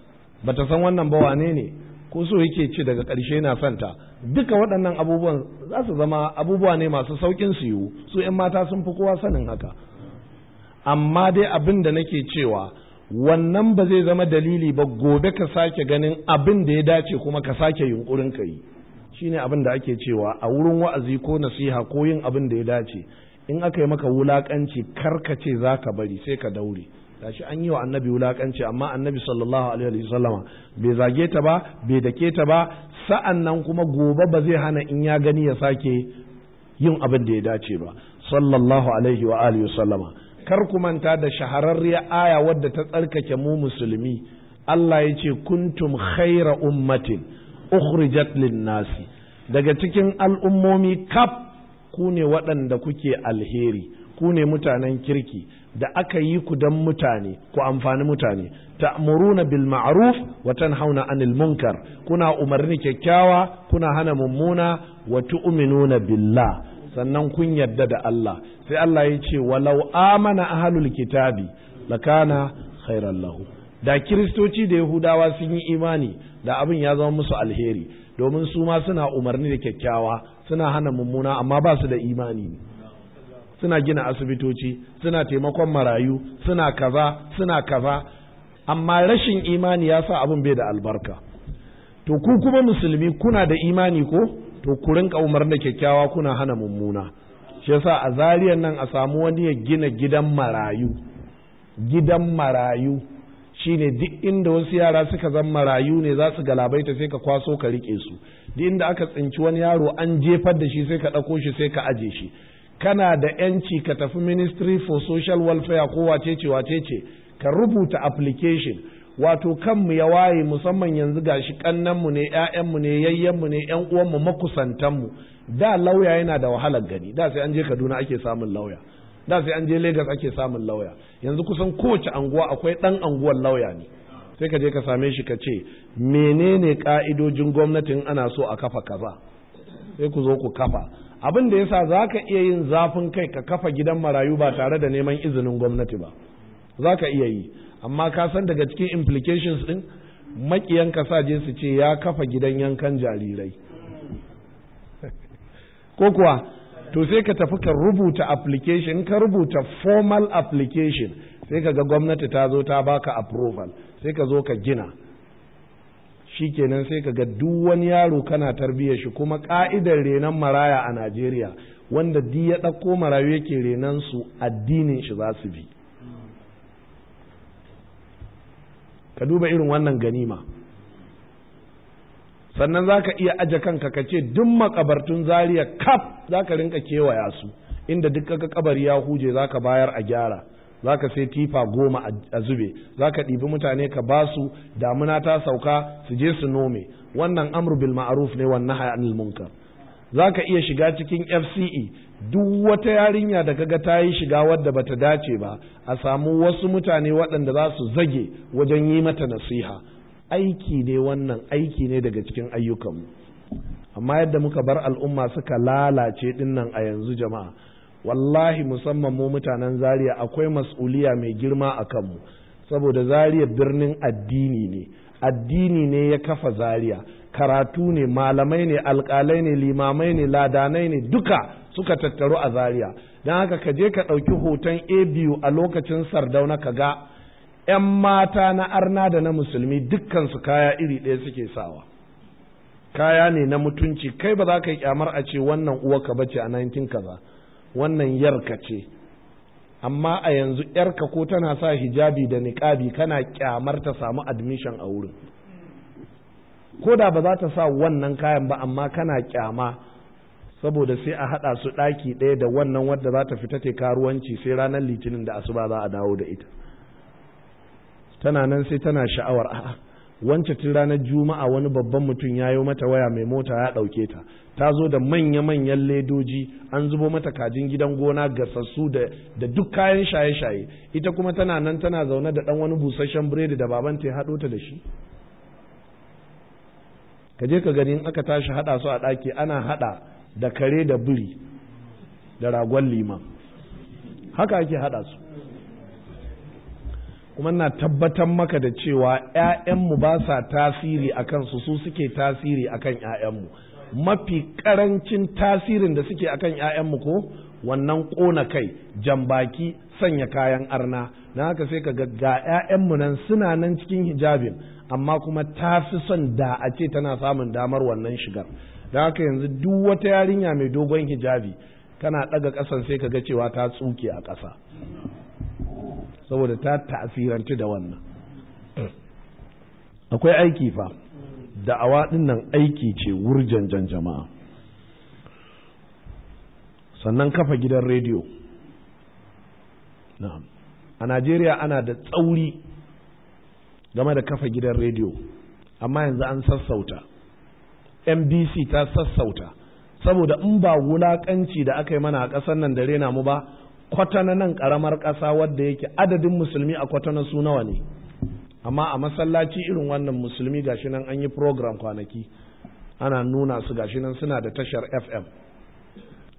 Speaker 1: bata san wannan ba wane ne ko so yake ce daga ƙarshe na santa duka waɗannan abubuwan za su zama abubuwa ne masu sauƙin su yiwu su 'yan mata sun fi kowa sanin haka amma dai abin da nake cewa wannan ba zai zama dalili ba gobe ka sake ganin abin da ya dace kuma ka sake yunkurin ka yi shine abin da ake cewa a wurin wa'azi ko nasiha ko yin abin da ya dace in aka yi maka wulakanci karkace za ka bari sai ka daure tashi an yi wa annabi wulakanci amma annabi sallallahu alaihi sallam bai zage ta ba bai dake ta ba sa'an nan kuma gobe ba zai hana in ya gani ya sake yin abin da ya dace ba sallallahu alaihi wa alihi kar ku manta da shahararriyar aya wadda ta tsarkake mu musulmi Allah ya ce kuntum khaira ummatin ukhrijat lin nasi daga cikin al'ummomi kaf ku ne waɗanda kuke alheri ku ne mutanen kirki da aka yi ku dan mutane ku amfani mutane ta'muruna bil ma'ruf wa tanhauna 'anil munkar kuna umarni kyakkyawa kuna hana mummuna wa tu'minuna billah sannan kun yadda da Allah sai Allah ya ce walau amana ahlul kitabi lakana khairan lahu da kiristoci da yahudawa sun yi imani da abin ya zama musu alheri domin su ma suna umarni da kyakkyawa suna hana mummuna amma ba su da imani ne suna gina asibitoci suna taimakon marayu suna kaza suna kaza amma rashin imani ya sa abin bai da albarka to ku kuma musulmi kuna da imani ko to ku rinka umarni da kyakkyawa kuna hana mummuna shi yasa a zariyan nan a samu wani ya gina gidan marayu gidan marayu shine duk inda wasu yara suka zama marayu ne za su galabaita sai ka kwaso ka rike su duk inda aka tsinci wani yaro an jefar da shi sai ka ɗauko shi sai ka aje shi kana da yanci ka tafi ministry for social welfare ko wacece wacece ka rubuta application wato kanmu ya waye musamman yanzu ga gashi kannanmu ne ƴaƴanmu ne yayyenmu ne ƴan uwanmu makusantanmu da lauya yana da wahalar gani da sai an je Kaduna ake samun lauya da sai an je Lagos ake samun lauya yanzu kusan kowace anguwa akwai ɗan anguwar lauya ne sai ka je ka same shi ka ce menene ka'idojin gwamnatin ana so a kafa kaza sai ku zo ku kafa abin da yasa za ka iya yin zafin kai ka kafa gidan marayu ba tare da neman izinin gwamnati ba za ka iya yi amma ka san daga cikin implications din makiyan je su ce ya kafa gidan yankan jarirai ko kuwa to sai ka tafi ka rubuta application ka rubuta formal application sai ka ga gwamnati ta zo ta baka approval sai ka zo ka gina shi kenan sai ka ga duk wani yaro kana tarbiyyar shi kuma ka'idar renon maraya a Najeriya wanda di ya ɗauko marayu yake renon su addinin shi za su bi ka duba irin wannan ganima sannan za ka iya aje kanka ka ce duk makabartun zariya kaf za ka rinka kewaya su inda duk ka kabari ya huje za ka bayar a gyara za ka sai tifa goma a zube za ka ɗibi mutane ka ba su damuna ta sauka su je su nome wannan amru bil ma'aruf ne wannan hayanil munkar za ka iya shiga cikin fce duk wata yarinya da kaga ta yi shiga wadda bata dace ba a samu wasu mutane waɗanda za su zage wajen yi mata nasiha aiki ne wannan aiki ne daga cikin ayyukanmu amma yadda muka bar al'umma suka lalace dinnan a yanzu jama'a wallahi musamman mu mutanen Zariya akwai mas'uliya mai girma a kanmu saboda zaria birnin addini ne addini ne ya kafa Zariya. karatu ne malamai ne alkalai ne limamai ne ladanai ne duka suka tattaru a Zariya. don haka ka je ka ɗauki hoton abu a lokacin sardauna ka ga 'yan mata na arna da na musulmi dukkansu kaya iri ɗaya suke sawa kaya ne na mutunci kai ba za ka yi kyamar a ce wannan uwa ka bace a 19 kaza wannan yarka ce amma a yanzu yarka ko tana sa hijabi da niƙabi kana kyamar ta samu admission a wurin ko da ba za ta sa wannan kayan ba amma kana kyama saboda sai a haɗa su ɗaki ɗaya da wannan wadda za ta fita ta karuwanci sai ranar litinin da asuba za a dawo da ita tana nan sai tana sha'awar a'a wancan tun ranar juma'a wani babban mutum ya yi mata waya mai mota ya ɗauke ta ta zo da manya-manyan ledoji an zubo mata kajin gidan gona gasassu da da duk kayan shaye-shaye ita kuma tana nan tana zaune da dan wani busasshen biredi da baban ta haɗo ta da shi ka je ka gani aka tashi haɗa su a ɗaki ana haɗa da kare da biri da ragon liman haka ake haɗa su kuma na tabbatar maka da cewa ‘ya'yanmu ba sa tasiri a kansu su suke tasiri a kan ‘ya'yanmu mafi karancin tasirin da suke akan ‘ya'yanmu ko wannan ƙona kai jambaki sanya kayan arna na haka sai ka ga ‘ya'yanmu nan suna nan cikin hijabin amma kuma ta fi son da a ce tana samun damar wannan shigar da haka yanzu duk wata yarinya mai dogon hijabi kana ɗaga ƙasan sai ka ga cewa ta tsuke a ƙasa saboda ta ta'asiranci da wannan akwai aiki fa da'awa nan aiki ce jan jama'a sannan kafa gidan rediyo a najeriya ana da tsauri game da kafa gidan rediyo amma yanzu an sassauta mbc ta sassauta saboda in ba wulakanci da aka yi mana a ƙasar nan da rena mu ba kwatana nan ƙaramar ƙasa wadda yake adadin musulmi a kwatana su nawa ne amma a masallaci irin wannan musulmi gashi nan an yi program kwanaki ana nuna su gashi nan suna da tashar fm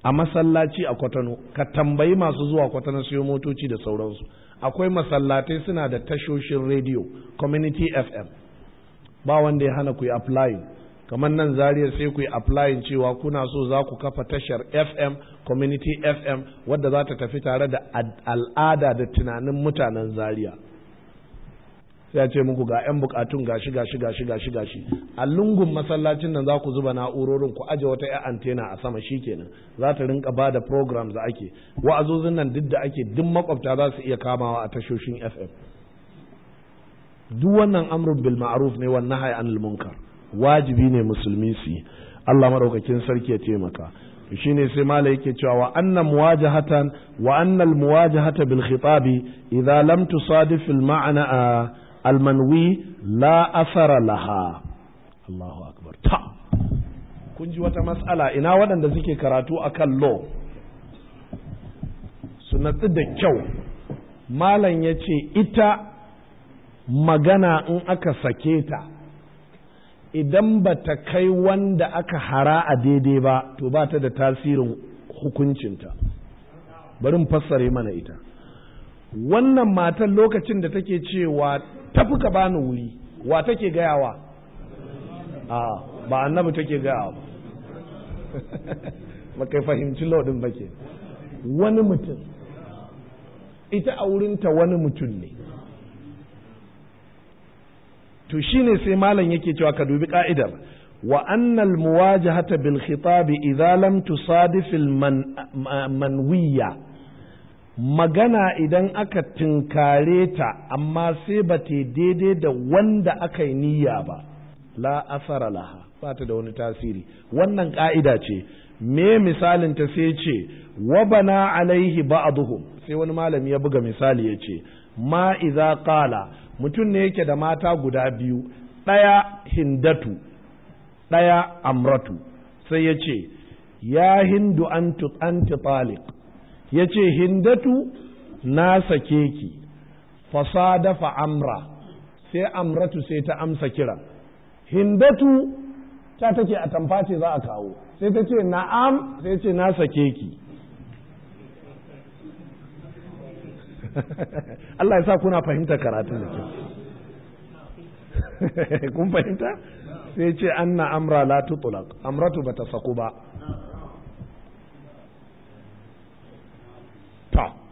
Speaker 1: a masallaci a kwatano ka tambayi masu zuwa kwatano siyo motoci da sauransu akwai masallatai suna da tashoshin rediyo community fm ba wanda ya hana ku yi applying kamar nan zariya sai ku yi applying cewa kuna so za ku kafa tashar fm community fm wadda za ta tafi tare da al'ada da tunanin mutanen zariya sai a ce muku ga 'yan bukatun gashi gashi gashi gashi gashi a lungun masallacin nan za ku zuba na'urorin ku aje wata 'yan antena a sama shi kenan za ta rinka ba da programs da ake wa'azozin nan duk da ake duk makwabta za su iya kamawa a tashoshin fm duk wannan amrun bil ma'aruf ne wan nahyi anil munkar wajibi ne musulmi su Allah madaukakin sarki ya taimaka shine sai mala yake cewa wa anna muwajahatan wa anna al muwajahata bil khitabi idza lam tusadif al ma'na almanwi la asara laha
Speaker 2: Allahu akbar ta
Speaker 1: kun ji wata matsala ina waɗanda suke karatu akan law su natsu da kyau malam ya ce ita magana in aka sake ta idan ba ta kai wanda aka hara a daidai ba to ba ta da tasirin hukuncinta bari fassare mana ita wannan matan lokacin da take cewa tafi ka bani wuri wa take gayawa a ba annabi take gayawa ba [laughs] kai fahimci lodin ba ke wani mutum ita a wurinta wani mutum ne to shine sai malam yake cewa ka dubi ka'idar wa annal muwajahata bil khitabi idza lam tusadif al manwiya magana idan aka tinkare ta amma sai ba ta daidai da wanda aka yi niyya ba la asara laha ba ta da wani tasiri wannan ka'ida ce me misalin ta sai ce wa bana alaihi buhu. sai wani malami ya buga misali ya ce ma iza kala mutum ne yake da mata guda biyu ɗaya hindatu ɗaya amratu sai ya ce ya hindu anti ya ce hindatu na sake ki fasadafa amra sai amratu sai ta amsa kira hindatu ta take a ce za a kawo sai ta ce na'am sai ce na sake ki [laughs] Allah ya sa kuna fahimta karatun da kyau
Speaker 2: [laughs] kun fahimta sai
Speaker 1: ce an na amra la tutulak amratu ta saku ba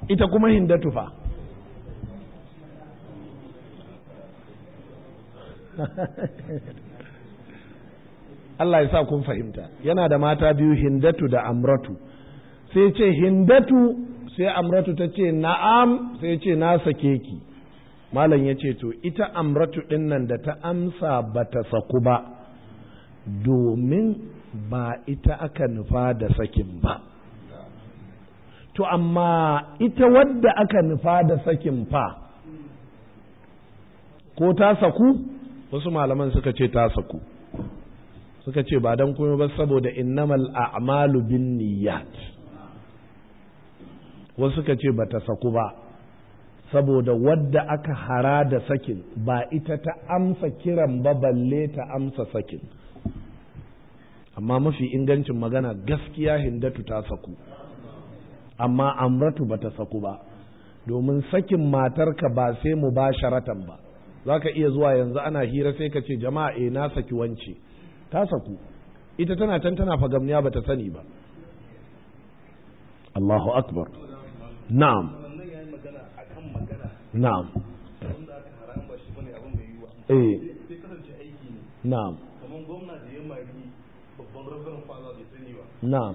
Speaker 1: ita kuma hindatu fa [laughs] Allah ya sa kun fahimta yana da mata biyu hindatu da amratu sai ce hindatu sai amratu ta ce na'am sai ce na sake ki malam ya ce to ita amratu ɗin nan da ta amsa ba ta saku ba domin ba ita aka nufa da sakin ba to amma ita wadda aka nufa da sakin fa ko ta saku wasu malaman suka ce ta saku suka ce ba don kuma ba saboda innamal a'malu bin niyyat wasu suka ce ba ta saku ba saboda wadda aka hara da sakin ba ita ta amsa kiran ba balle ta amsa sakin amma mafi ingancin magana gaskiya hindatu ta saku amma amratu ba ta saku ba domin sakin matarka ba sai mu ba sharatan ba za ka iya zuwa yanzu ana hira sai ka ce jama'a e na saki wance ta saku ita tana can tana fagamniya ba ta sani ba Allahu akbar na'am na'am eh na'am na'am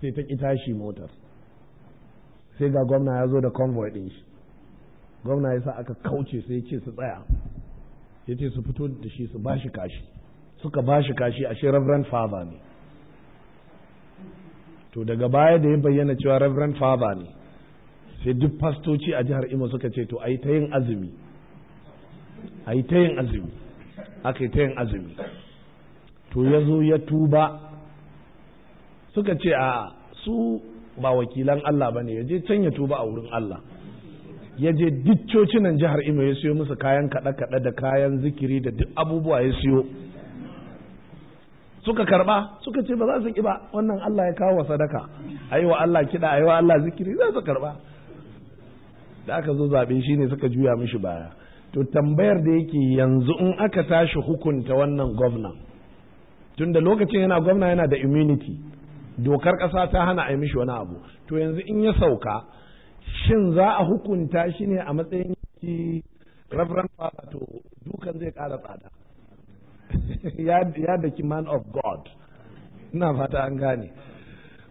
Speaker 1: sai ta ƙi shi motar sai ga gwamna ya zo da convoy din shi gwamna ya sa aka kauce sai ya ce su tsaya ya ce su fito da shi su bashi kashi suka bashi kashi a shi reverend father ne to daga baya da ya bayyana cewa reverend father ne sai duk fastoci a jihar imo suka ce to a yi ta yin azumi a yi ta yin azumi aka yi ta yin azumi to ya zo ya tuba suka ce a su ba wakilan Allah ba ne ya je can ya tuba a wurin Allah ya je duk cocinan jihar Imo ya siyo musu kayan kaɗe-kaɗe da kayan zikiri da duk abubuwa ya siyo suka karba suka ce ba za su ki ba wannan Allah ya kawo sadaka ayi wa Allah kiɗa ayi wa Allah zikiri za su karba da aka zo zaɓe shi ne suka juya mishi baya to tambayar da yake yanzu in aka tashi hukunta wannan gwamna tunda lokacin yana gwamna yana da immunity dokar ƙasa ta hana a yi mishi wani abu to yanzu in ya sauka shin za a hukunta shi ne a matsayin ki reverend father to dukan zai ƙara tsada [laughs] ya daki man of god ina fata an gane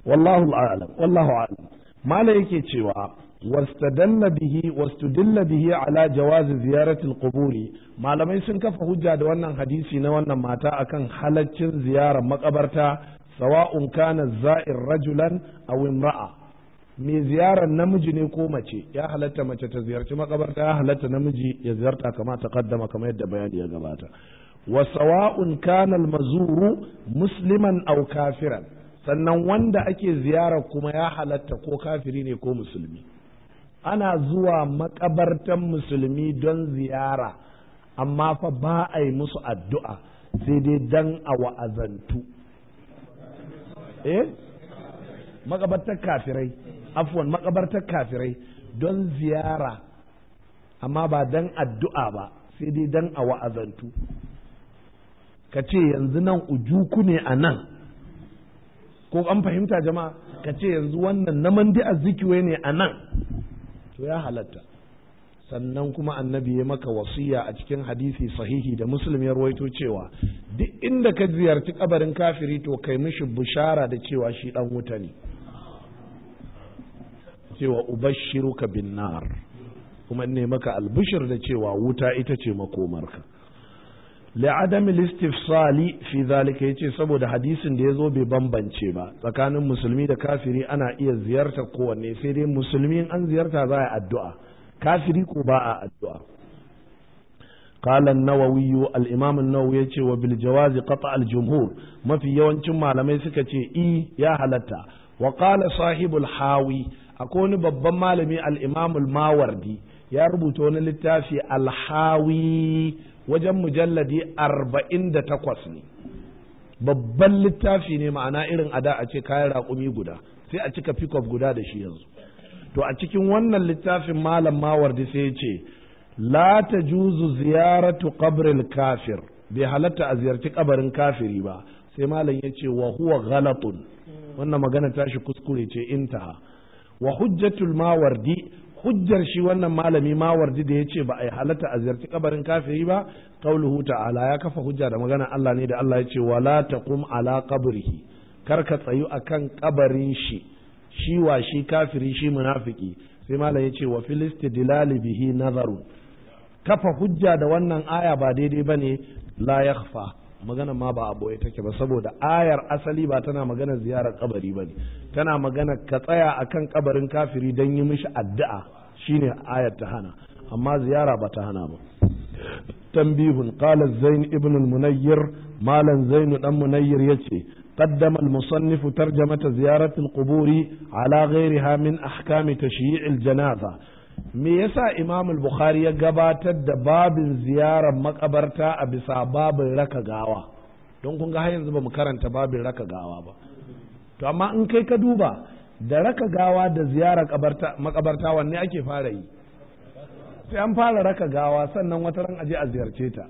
Speaker 1: wallahu a'lam wallahu a'lam mala yake cewa wastadalla bihi wastudilla bihi ala jawazi ziyaratil quburi malamai sun kafa hujja da wannan hadisi na wannan mata akan halaccin ziyarar makabarta sawa'un kana za'ir rajulan aw imra'a mai ziyarar namiji ne ko mace ya halatta mace ta ziyarci makabarta ya halatta namiji ya ziyarta kama ta kaddama kamar yadda bayani ya gabata wa sawa'un kana almazuru mazuru musliman aw kafiran sannan wanda ake ziyara kuma ya halatta ko kafiri ne ko musulmi ana zuwa makabartan musulmi don ziyara amma fa ba a yi musu addu'a sai dai dan a wa'azantu eh makabartar kafirai afwan makabartar kafirai don ziyara amma ba dan addu'a ba sai dai dan a wa'azantu ka ce yanzu nan ujuku ne a nan ko an fahimta jama'a ka ce yanzu wannan na mandi a ne a nan to ya halatta sannan kuma annabi ya maka wasiya a cikin hadisi sahihi da muslim ya rawaito cewa duk inda ka ziyarci kabarin kafiri to kai mishi bushara da cewa shi dan wuta ne cewa ubashiruka bin nar kuma ne maka albushir da cewa wuta ita ce makomarka li'adami listifsali fi zalika yace saboda hadisin da yazo bai bambance ba tsakanin musulmi da kafiri ana iya ziyarta kowanne sai dai musulmi an ziyarta za a yi addu'a kafiri ko ba a addu'a قال النووي الامام النووي yace wa bil jawazi qata al jumhur mafi yawancin malamai suka ce i ya halatta wa qala sahibul hawi akwai wani babban malami Al'imamul mawardi ya rubuta wani littafi al wajen mujalladi arba'in da 48 ne babban littafi ne ma'ana irin a da' a ce kayan raƙumi guda sai a cika pickup guda da shi yanzu to a cikin wannan littafin malam mawardi sai ce la ta juzu ziyaratu qabril kafir bai halatta a ziyarci kabarin kafiri ba sai malam ya ce wa huwa ghalatun wannan magana tashi kuskure ce intaha wa hujjatul mawardi hujjar shi wannan malami mawardi da ya ce ba a yi halatta a ziyarci kabarin kafiri ba kauluhu ta'ala ya kafa hujja da magana Allah ne da Allah ya ce wala taqum ala qabrihi kar ka tsayu akan kabarin shi shi wa shi kafiri shi munafiki sai malam ya ce wa filisti dilali bihi nazaru kafa hujja da wannan aya ba daidai ba ne la yakhfa magana ma ba a ya take ba saboda ayar asali ba tana magana ziyarar kabari ba ne tana magana ka tsaya akan kabarin kafiri don yi mishi addu'a shine ayar ta hana amma ziyara ba ta hana ba tambihun qala zain ibn al-munayyir malam zainu dan munayyir ce. قدم المصنف ترجمة زيارة القبور على غيرها من أحكام تشييع الجنازة me yasa البخاري Bukhari ya gabatar da babin ziyarar makabarta a bisa babin raka gawa don لك ga yanzu ba mu karanta babin raka gawa ba to amma in kai ka duba da raka gawa da ziyara makabarta wanne ake fara yi sai an fara raka gawa sannan wata ran aje a ziyarce ta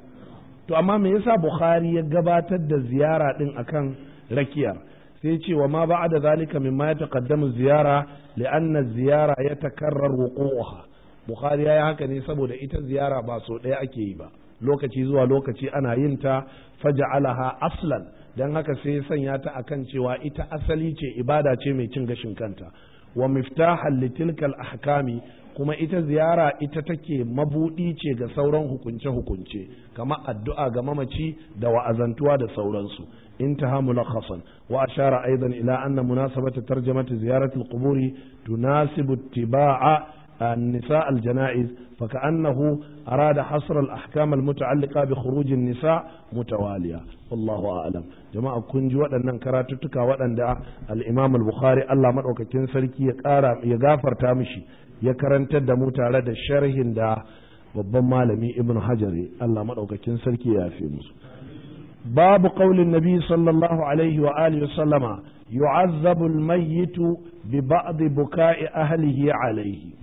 Speaker 1: to amma me yasa Bukhari ya gabatar da ziyara din akan rakiyar sai ce wa ma da zalika mimma taqaddamu ziyara li'anna ziyara ya takarrar wuqu'uha bukhari yayi haka ne saboda ita ziyara ba so ɗaya ake yi ba lokaci zuwa lokaci ana yin ta faja'alaha aslan dan haka sai ya sanya ta akan cewa ita asali ce ibada ce mai cin gashin kanta wa miftahan tilkal ahkami kuma ita ziyara ita take mabudi ce ga sauran hukunce-hukunce kama addu'a ga mamaci da wa'azantuwa da sauransu انتهى ملخصا وأشار أيضا إلى أن مناسبة ترجمة زيارة القبور تناسب اتباع النساء الجنائز فكأنه أراد حصر الأحكام المتعلقة بخروج النساء متوالية والله أعلم جماعة كنج وأن كراتتك وأن الإمام البخاري الله مدعوك كنسلكي يغافر تامشي يكرن تدمو تعالى الشرح دا babban malami ibn hajari Allah maɗaukakin sarki ya fi musu babu qaulin nabi sallallahu alaihi wa alihi wa sallama yu'azzabu al-mayyit bi ba'd buka'i alaihi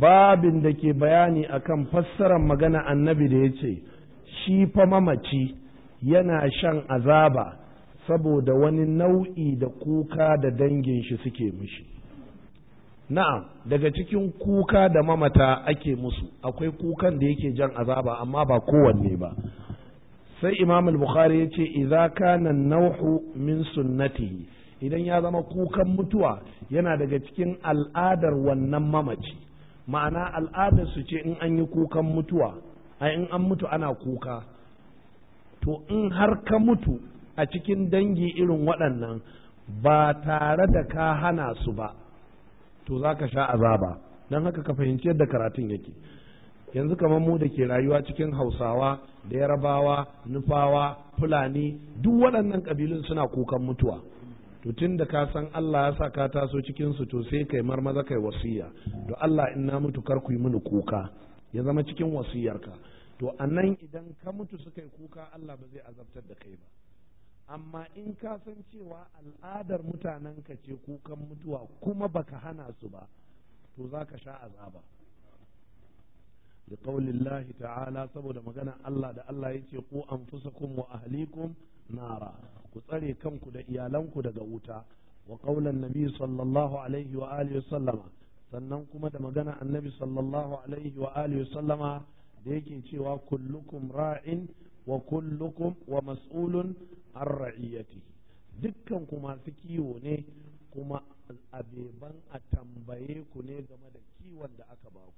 Speaker 1: babin da ke bayani akan fassarar magana annabi da yace shi fa mamaci yana shan azaba saboda wani nau'i da kuka da dangin shi suke mushi. na'am daga cikin kuka da mamata ake musu akwai kukan da yake jan azaba amma ba kowanne ba sai imam al-bukhari yace idza kana nauhu min sunnatihi idan ya zama kukan mutuwa yana daga cikin al'adar wannan mamaci ma'ana al'adar su ce in an yi kukan mutuwa ai in an mutu ana kuka to in har ka mutu a cikin dangi irin waɗannan ba tare da ka hana su ba to za ka sha azaba don haka ka fahimci yadda karatun yake yanzu kamar mu da ke rayuwa cikin hausawa da yarabawa nufawa fulani duk waɗannan ƙabilun suna kukan mutuwa to tun da ka san Allah ya sa ka taso cikin su to sai kai marmaza kai wasiya to Allah in na mutu kar ku yi mini kuka ya zama cikin wasiyarka to anan idan ka mutu suka yi kuka Allah ba zai azabtar da kai ba amma in ka san cewa al'adar mutanenka ce kukan mutuwa kuma baka hana su ba to za ka sha azaba da qaulillahi ta'ala saboda magana Allah da Allah yace ku anfusakum wa ahlikum nara ku tsare kanku da iyalanku daga wuta wa qaulan nabi sallallahu alaihi wa sallama sannan kuma da magana annabi sallallahu alaihi wa sallama da yake cewa kullukum ra'in wa kullukum wa mas'ulun an ra'iyyati. Dukkanku masu kiwo ne kuma abeban a tambaye ku ne game da kiwon da aka baku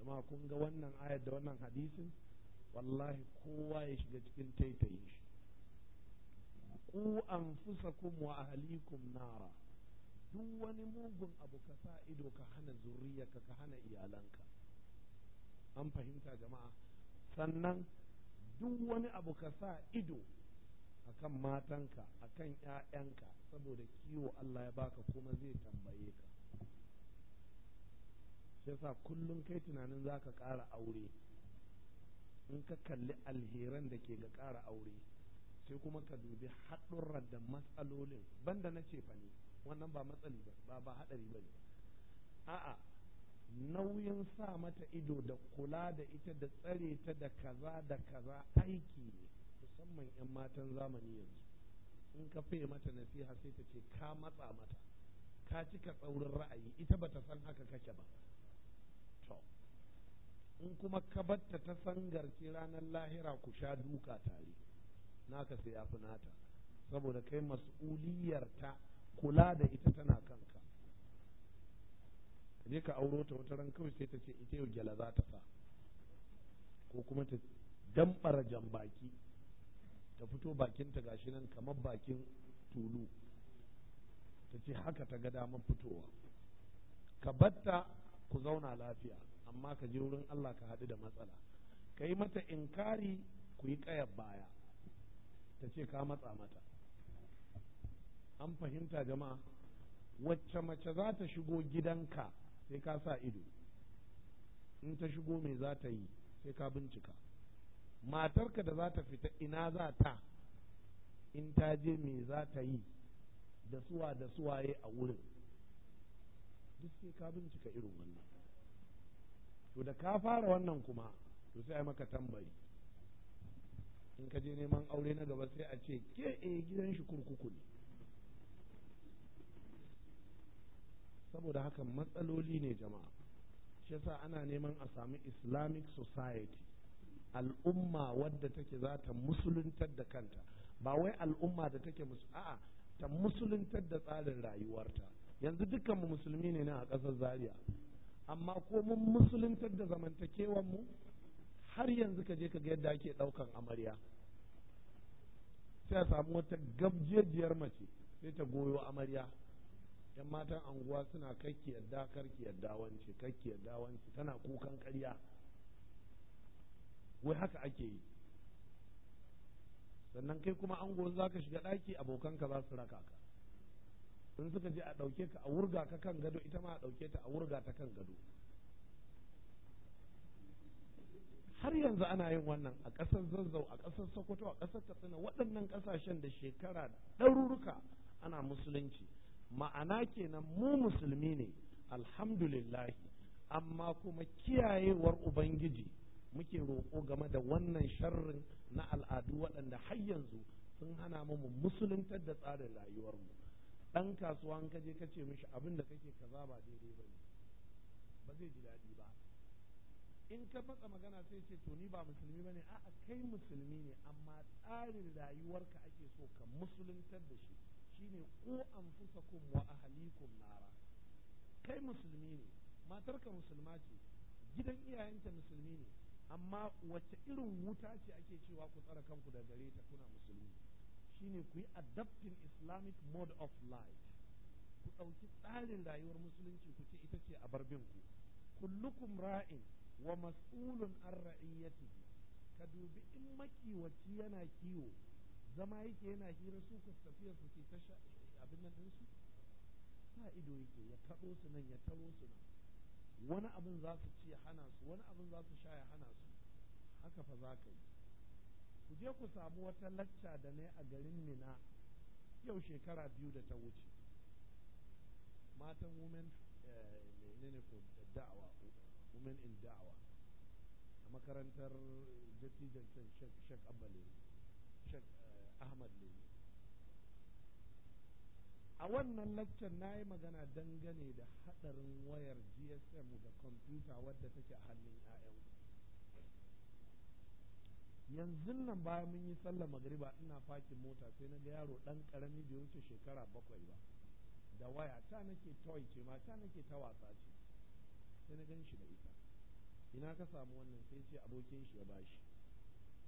Speaker 1: kuma kun ga wannan ayar da wannan hadisin wallahi kowa ya shiga cikin taitayin shi ku anfusakum wa ahlikum nara duk wani mugun abu ka sa ido ka hana zuriyarka ka hana iyalanka an fahimta jama'a sannan duk wani abu ka sa ido akan matanka akan 'ya'yanka saboda kiwo Allah ya baka kuma zai tambaye ka shi yasa kullum kai tunanin za ka ƙara aure in ka kalli alheran da ke ga ƙara aure sai kuma ka dubi haɗurran da matsalolin banda na ce ne wannan ba matsali ba ba ba haɗari ba ne a'a nauyin sa mata ido da kula da ita da tsare ta da kaza da kaza aiki ne musamman 'yan matan zamani yanzu in ka fiye mata nasiha sai ta ce ka matsa mata ka cika tsaurin ra'ayi ita bata san haka kake ba in kuma ka batta ta sangarci ranar lahira ku sha duka tare naka sai ya fi nata saboda kai mas'uliyarta kula da ita tana kanka Ka je ka auro ta wata ran kawai sai ta ce ita yau gyala za ta sa ko kuma ta dambara jan baki ta fito bakinta gashi nan kamar bakin tulu ta ce haka ta ga damar fitowa ka batta ku zauna lafiya amma ka je wurin Allah ka haɗu da matsala ka yi mata inkari ku yi ƙayar baya ta ce ka matsa mata an fahimta jama'a wacce mace za ta shigo gidanka sai ka sa ido in ta shigo mai za ta yi sai ka bincika matarka da za ta fita ina za ta in ta je mai za ta yi da suwa da suwaye a wurin duk sai ka bincika irin wannan to da ka fara wannan kuma to sai a maka tambari in ka je neman aure na gaba sai a ce ke eh gidan shi kurkuku ne saboda haka matsaloli ne jama'a shi yasa ana neman a sami islamic society al'umma wadda take za ta musuluntar da kanta ba wai al'umma da take a'a ta musuluntar da tsarin rayuwarta yanzu dukkan musulmi ne na a ƙasar zaria amma ko mun musuluntar da zamantakewan mu har yanzu ka je ka ga yadda ake ɗaukan amarya sai a samu wata gabjejiyar mace sai ta goyo amarya yan matan anguwa suna kakki yadda karki yadda wance kakki yadda wance tana kukan ƙarya wai haka ake yi sannan kai kuma ango za ka shiga ɗaki abokanka za su raka ka in suka je a ɗauke ka a wurga ka kan gado ita ma a ɗauke ta a wurga ta kan gado har yanzu ana yin wannan a ƙasar zazzau a ƙasar sokoto a ƙasar katsina waɗannan ƙasashen da shekara ɗaruruka ana musulunci ma'ana kenan mu musulmi ne alhamdulillahi amma kuma kiyayewar ubangiji muke roƙo game da wannan sharrin na al'adu waɗanda har yanzu sun hana mu musuluntar da tsarin rayuwarmu Ɗan kasuwa an kaje ka ce mishi abin da kake kaza ba daidai ba ne ba zai ji daɗi ba in ka matsa magana sai ce to ni ba musulmi ba ne a'a kai musulmi ne amma tsarin rayuwarka ake so ka musuluntar da shi shine fusa anfusakum wa ahalikum nara kai musulmi ne matarka musulma ce gidan iyayenta musulmi ne amma wace irin wuta ce ake cewa ku tsara kanku da gare ta kuna musulmi shine ku yi adapting islamic mode of life ku ɗauki tsarin rayuwar musulunci ku ce ita ce a barbin ku kullukum ra'in wa mas'ulun an ra'iyatihi ka dubi in makiwaci yana kiwo zama yake yana hira su ku tafiya su ke tasha abin nan ɗinsu sa ido yake ya kaɗo su nan ya taro su nan wani abin za su ci ya hana su wani abin za su sha ya hana su haka fa za ka yi ku je ku samu wata lacca da ne a garin mina yau shekara biyu da ta wuce matan women eh, menene ko da'awa women in da'awa a makarantar dattijan shek abba shek eh, ahmad ne. a wannan laccan na yi magana dangane da hadarin wayar gsm da kwamfuta wadda take a hannun yayanku yanzu nan bayan mun yi sallar magariba ina fakin mota sai na ga yaro dan karami bai wuce shekara bakwai ba da waya ta nake toy ce ma ta nake ta wasa ce sai na gan shi da ita ina ka samu wannan sai ce abokin shi ya bashi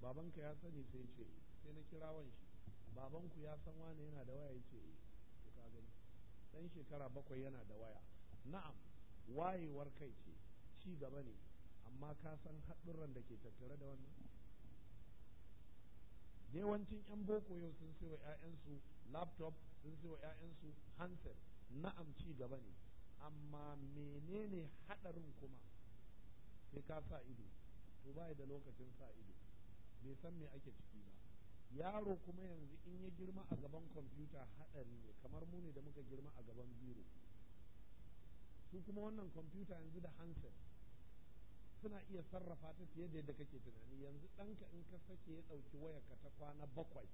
Speaker 1: babanka ya sani sai ce sai na kira wan shi babanku ya san wani yana da waya yace eh to ka gani dan shekara bakwai yana da waya na'am wayewar kai ce ci gaba ne amma ka san haɗurran da ke tattare da wannan yawancin yan boko yau sun sai wa ƴaƴansu laptop sun sai wa ƴaƴansu handset na'am ci gaba ne amma menene haɗarin kuma sai ka sa ido to ba da lokacin sa ido bai san me ake ciki ba yaro kuma yanzu in ya girma a gaban kwamfuta haɗari ne kamar mu ne da muka girma a gaban biro su kuma wannan kwamfuta yanzu da handset suna iya sarrafa ta fiye da yadda kake tunani yanzu ɗanka in ka sake ya ɗauki ka ta kwana bakwai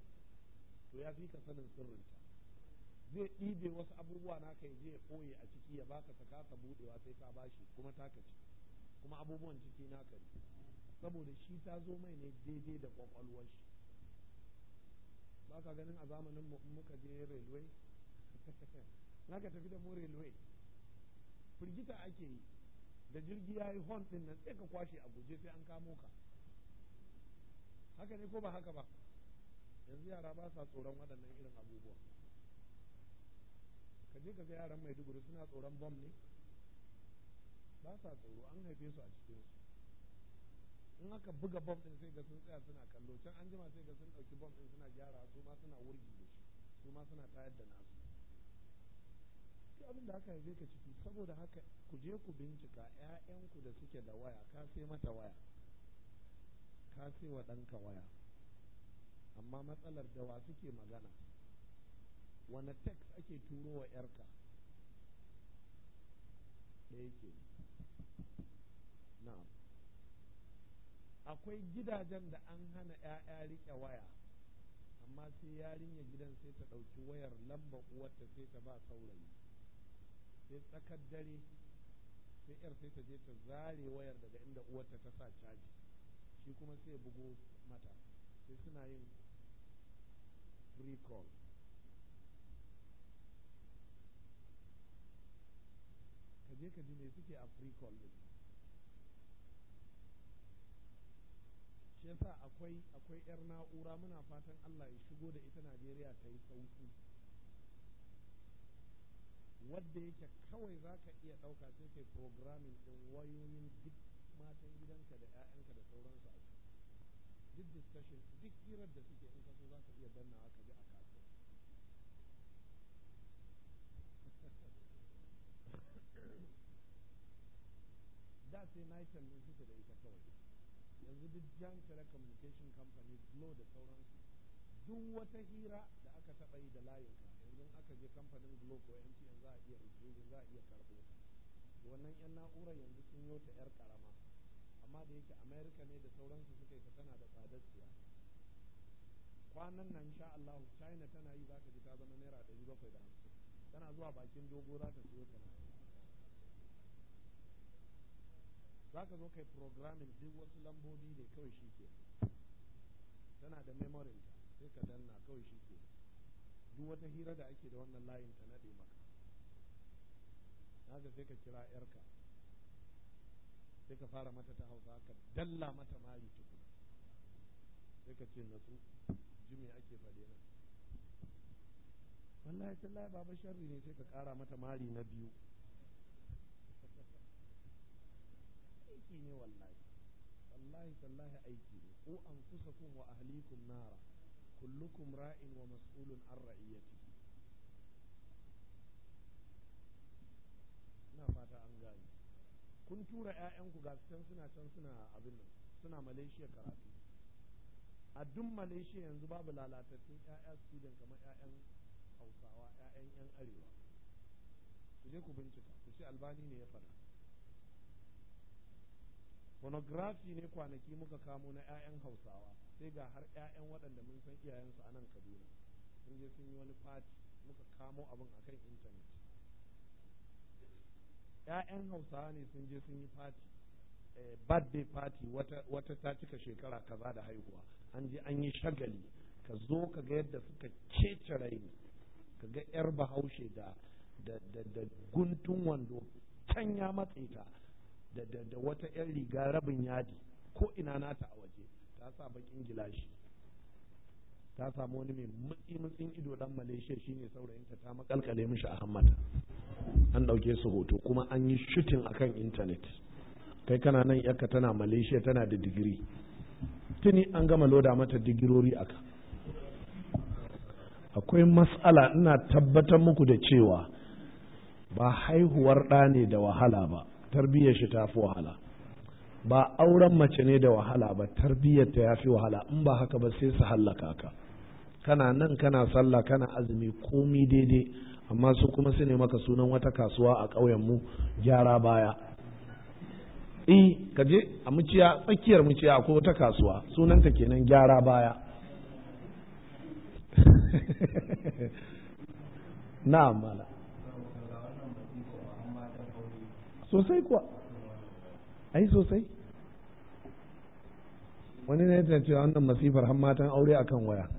Speaker 1: to ya fi ka sanin sirrinta zai ɗibe wasu abubuwa na kai je ɓoye a ciki ya baka ta kasa buɗewa sai ka bashi kuma ta kaci kuma abubuwan ciki na ne saboda shi ta zo mai ne daidai da kwakwalwar shi ba ka ganin a zamanin mu muka je railway na [laughs] ka tafi da mu railway firgita ake yi da jirgi ya yi hon din nan sai ka kwashe a guje sai an kamo ka haka ne ko ba haka ba yanzu yara ba sa tsoron waɗannan irin abubuwa ka je ka ga yaran maiduguri suna tsoron bom ne ba sa tsoro an haife su a cikin in aka buga bom din sai ga sun tsaya suna kallo can an jima sai ga sun ɗauki bom din suna gyara su ma suna wurgi da shi su ma suna tayar da nasu abin da haka zai ka ciki saboda haka ku je ku bincika ƴaƴanku da suke da waya ka sai mata waya ka sai wa ɗanka waya amma matsalar da wa suke magana wani text ake turo wa ƴarka ɗaya ke na'am akwai gidajen da an hana ƴaƴa riƙe waya amma sai yarinya gidan sai ta ɗauki wayar lamba uwarta sai ta ba saurayi sai tsakar dare sai yar sai ta je ta zare wayar daga inda uwarta ta sa caji shi kuma sai bugo mata sai suna yin recall ka je ka ji me suke a recall din shi yasa akwai akwai yar na'ura muna fatan Allah ya shigo da ita Najeriya ta yi sauki wadda yake kawai za ka iya ɗauka sai kai programming ɗin wayoyin duk matan gidanka da 'ya'yanka da sauransu a duk discussion duk hirar da suke in kaso za ka iya dannawa ka ji a kasuwa [coughs] da sai nitel ne suke da ita kawai yanzu duk jan telecommunication company glow da sauransu duk wata hira da aka taɓa yi da layinka in aka je kamfanin globe ko MTN za a iya retrieving za a iya karɓo Da wannan yan na'urar yanzu sun yi ta yar karama amma da yake America ne da sauransu suka yi ta tana da tsadar kwanan nan sha Allah China tana yi za ka ji ta zama naira ɗari bakwai da hamsin tana zuwa bakin dogo za ta siyo tana za ka zo kai programming duk wasu lambobi ne kawai shi ke tana da memory sai ka danna kawai shi ke duk wata hira da ake da wannan layin ta naɗe maka haka sai ka kira yarka sai ka fara mata ta hausa ka dalla mata mari tukuna sai ka ce natsu jimi ake faɗe nan wallahi tallahi baba sharri ne sai ka ƙara mata mari na biyu aiki ne wallahi wallahi tallahi aiki ne ko an kusa kun wa ahlikum nara kullukum ra'in wa mas'ulun an ra'iyatihi ina fata an gani kun tura ƴaƴanku ga can suna can suna abin nan suna Malaysia karatu a duk Malaysia yanzu babu lalatattun ƴaƴa student kamar ƴaƴan Hausawa ƴaƴan ƴan arewa ku je ku bincika ku ce albani ne ya faɗa pornography ne kwanaki muka kamo na ƴaƴan Hausawa sai ga har 'ya'yan waɗanda mun san iyayensu a nan kaduna sun je sun yi wani fati muka kamo abin a kan intanet ‘ya'yan hausawa ne sun je sun yi fati eh, birthday party wata ta cika shekara kaza da haihuwa an je an yi shagali ka zo ka ga yadda suka cece raini ka ga ‘yar bahaushe da da guntun wando can ya matse ta da wata ‘yan riga rabin yadi ko ina nata a waje ta sa bakin gilashi ta samu wani mai matsi, matsin ido dan malaysia shine saurayinta ta makalkale mishi a hammata an dauke su hoto kuma an yi shooting akan intanet kai kana nan yarka tana malaysia tana da digiri tuni an gama loda mata digirori aka akwai matsala ina tabbatar muku da cewa ba haihuwar ɗa ne da wahala ba tarbiyyar shi ta fi wahala ba auren mace ne da wahala ba tarbiyyarta ya fi wahala in ba haka ba sai su hallaka ka kana nan kana sallah kana azumi komi daidai amma su kuma su ne maka sunan wata kasuwa a ƙauyen gyara baya eh ka a muciya tsakiyar muciya ko wata kasuwa sunanta kenan gyara baya [laughs] Na mala
Speaker 2: sosai kuwa ai
Speaker 1: sosai wani ne yana cewa wannan masifar har matan aure a kan waya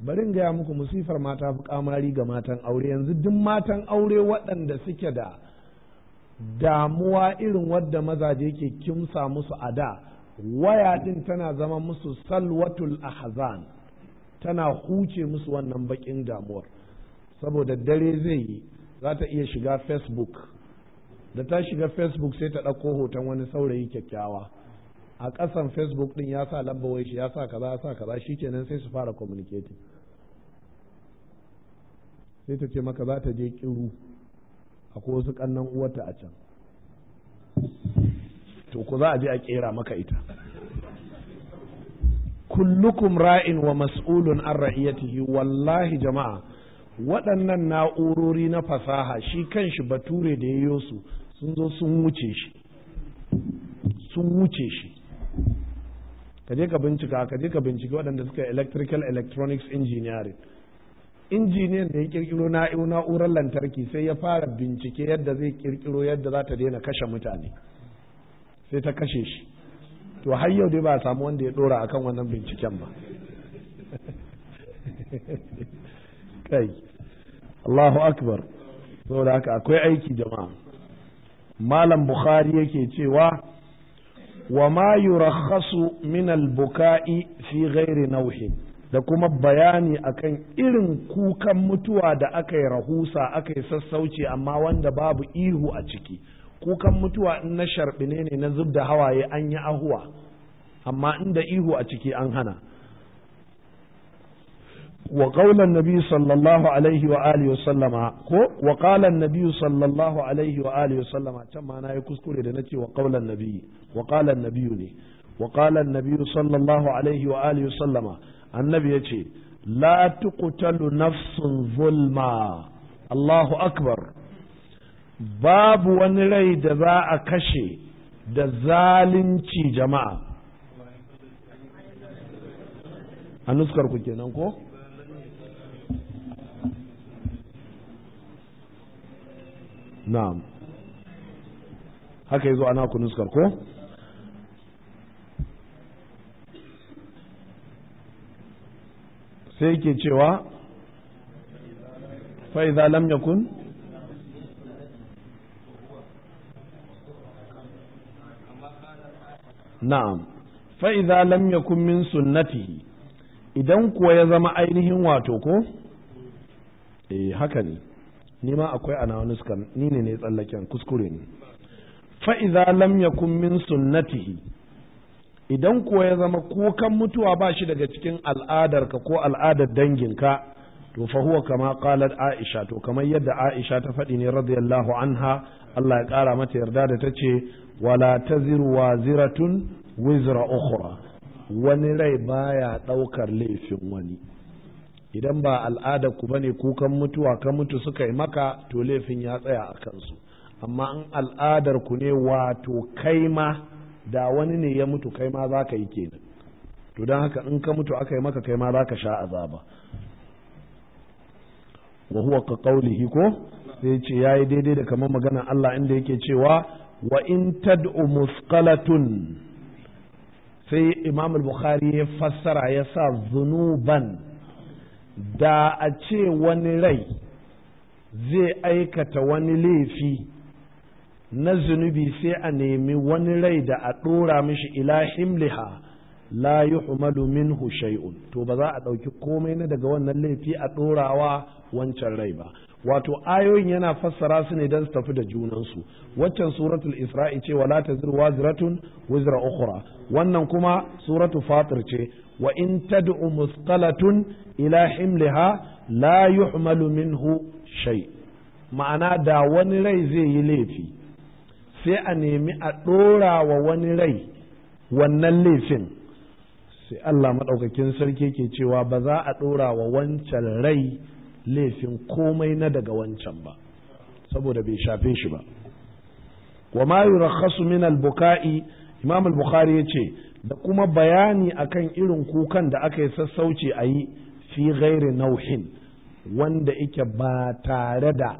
Speaker 1: barin gaya muku musifar mata fi kamari ga matan aure yanzu duk matan aure waɗanda suke da damuwa irin wadda mazaje ke kimsa musu a da waya ɗin tana zama musu salwatul ahzan tana huce musu wannan baƙin damuwar saboda dare zai yi za ta iya shiga facebook da ta shiga facebook sai ta ɗauko hoton wani saurayi kyakkyawa a ƙasan facebook ɗin ya sa lambawai shi ya sa kaza ya sa kaza kenan sai su fara communicating sai ta ce maka za ta je kiru ko wasu ƙannan uwarta a can to ku za a je a kera maka ita kullukum ra'in wa mas'ulun an ra'iyatihi wallahi jama'a waɗannan na'urori na fasaha shi kanshi bature da yayyosu. su sun zo sun wuce shi sun wuce shi ka je ka bincika ka je ka binciki waɗanda suka electrical electronics engineering injiniyan da ya kirkiro na'urar lantarki sai ya fara bincike yadda zai kirkiro yadda za ta daina kashe mutane sai ta kashe shi to har yau dai ba a samu wanda ya dora akan wannan binciken ba [laughs] kai Allahu akbar saboda haka akwai aiki jama'a malam bukhari yake cewa wa ma yurakhasu min al-buka'i fi ghairi nauhin da kuma bayani akan irin kukan mutuwa da aka yi rahusa aka yi sassauci amma wanda babu ihu a ciki kukan mutuwa in na sharbine ne na zub da hawaye an yi ahuwa amma inda ihu a ciki an hana wa qaulan nabi sallallahu alaihi wa alihi wa sallama ko wa qala nabi sallallahu alaihi wa alihi wa sallama can ma na yi kuskure da nace wa qaulan nabi wa qala nabi ne wa qala nabi sallallahu alaihi wa alihi wa sallama annabi yace la tuqtalu nafsun zulma Allahu akbar babu wani rai da za a kashe da zalunci jama'a a nuskar ku kenan ko na'am haka yazo ana ku nuskar ko sai yake cewa fa idza lam yakun na'am fa idza lam yakun min sunnatihi idan kuwa ya zama ainihin wato ko eh haka ne ni ma akwai ana wani suka ni ne ne tsallaken kuskure ne fa idza lam yakun min sunnatihi idan kuwa ya zama kukan mutuwa ba shi daga cikin al'adar ka ko al'adar danginka to fa huwa kama qalat aisha to kamar yadda aisha ta faɗi ne radiyallahu anha Allah ya ƙara mata yarda da ta ce wala taziru waziratun wizra ukhra wani rai baya ɗaukar laifin wani idan ba al'ada ku bane kukan mutuwa ka mutu suka yi maka to laifin ya tsaya a kansu amma in al'adar ku ne wato kai ma da wani ne ya mutu kai ma za ka yi kenan to don haka in ka mutu aka yi maka kai ma za ka sha azaba wa huwa ka qaulihi ko sai ce ya yi daidai da kamar magana Allah inda yake cewa wa in tad'u musqalatun sai Imamul bukhari ya fassara ya sa zunuban da a ce wani rai zai aikata wani laifi na zunubi sai a nemi wani rai da a ɗora mishi ila himliha la yuhmalu minhu shay'un to ba za a ɗauki komai na daga wannan laifi a ɗorawa wancan rai ba wato ayoyin yana fassara su ne don su tafi da junansu waccan suratul isra'i ce wala tazir waziratun wizra ukhra wannan kuma suratu fatir ce wa in tad'u musqalatun ila himliha la yuhmalu minhu shay ma'ana da wani rai zai yi laifi sai a nemi a ɗora wa wani rai wannan laifin sai Allah maɗaukakin sarki ke cewa ba za a ɗora wa wancan rai laifin komai na daga wancan ba saboda bai shafe shi ba wa ma yurakhasu min al-buka'i imam al-bukhari yace da kuma bayani akan irin kukan da aka yi sassauci a yi fi ghairi nauhin wanda yake ba tare da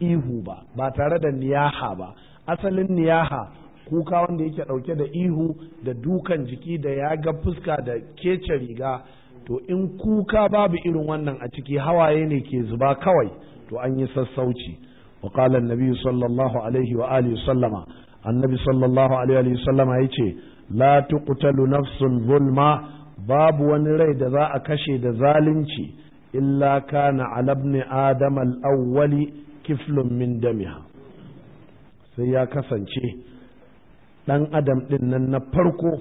Speaker 1: ihu ba ba tare da niyaha ba asalin niyaha kuka wanda yake dauke da ihu da dukan jiki da ya ga fuska da kece riga to in kuka babu irin wannan a ciki hawaye ne ke zuba kawai to an yi sassauci wa qala annabi sallallahu alaihi wa alihi sallama annabi sallallahu alaihi wa sallama yace la tuqtalu nafsun zulma babu wani rai da za a kashe da zalunci illa kana ala ibn adam al-awwali kiflun min damiha sai ya kasance dan adam din nan na farko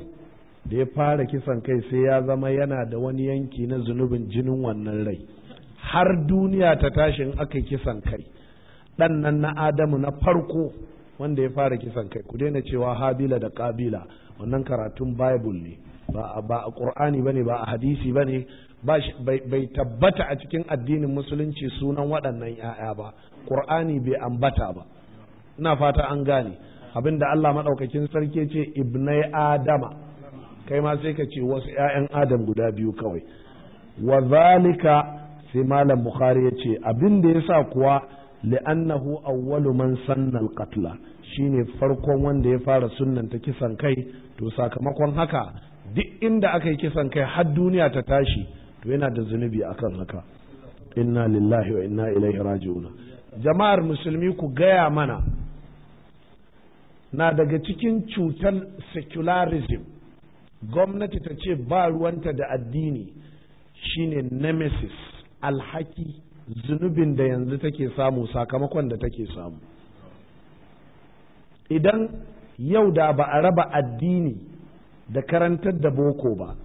Speaker 1: da ya fara kisan kai sai ya zama yana da wani yanki na zunubin jinin wannan rai har duniya ta tashin aka kisan kai ɗan nan na adamu na farko wanda ya fara kisan kai ku daina cewa habila da kabila wannan karatun bible ne ba a ba ne ba a hadisi bane bai tabbata a cikin addinin musulunci sunan waɗannan 'ya'ya ba ƙur'ani bai ambata ba ina fata an gane abinda Allah maɗaukakin sarki ce ibnai adama kai ma sai ka ce wasu 'ya'yan adam guda biyu kawai wa zalika sai malam bukhari ya ce abin da ya sa kuwa li'annahu awwalu man sanna al-qatla shine farkon wanda ya fara sunnanta kisan kai to sakamakon haka duk inda aka yi kisan kai har duniya ta tashi to yana da zunubi akan haka inna lillahi wa inna ilaihi jama'ar musulmi ku gaya mana na daga cikin cutar secularism gwamnati ta ce ba ruwanta da addini shine nemesis alhaki zunubin da yanzu take samu sakamakon da take samu idan yau da ba a raba addini da karantar da boko ba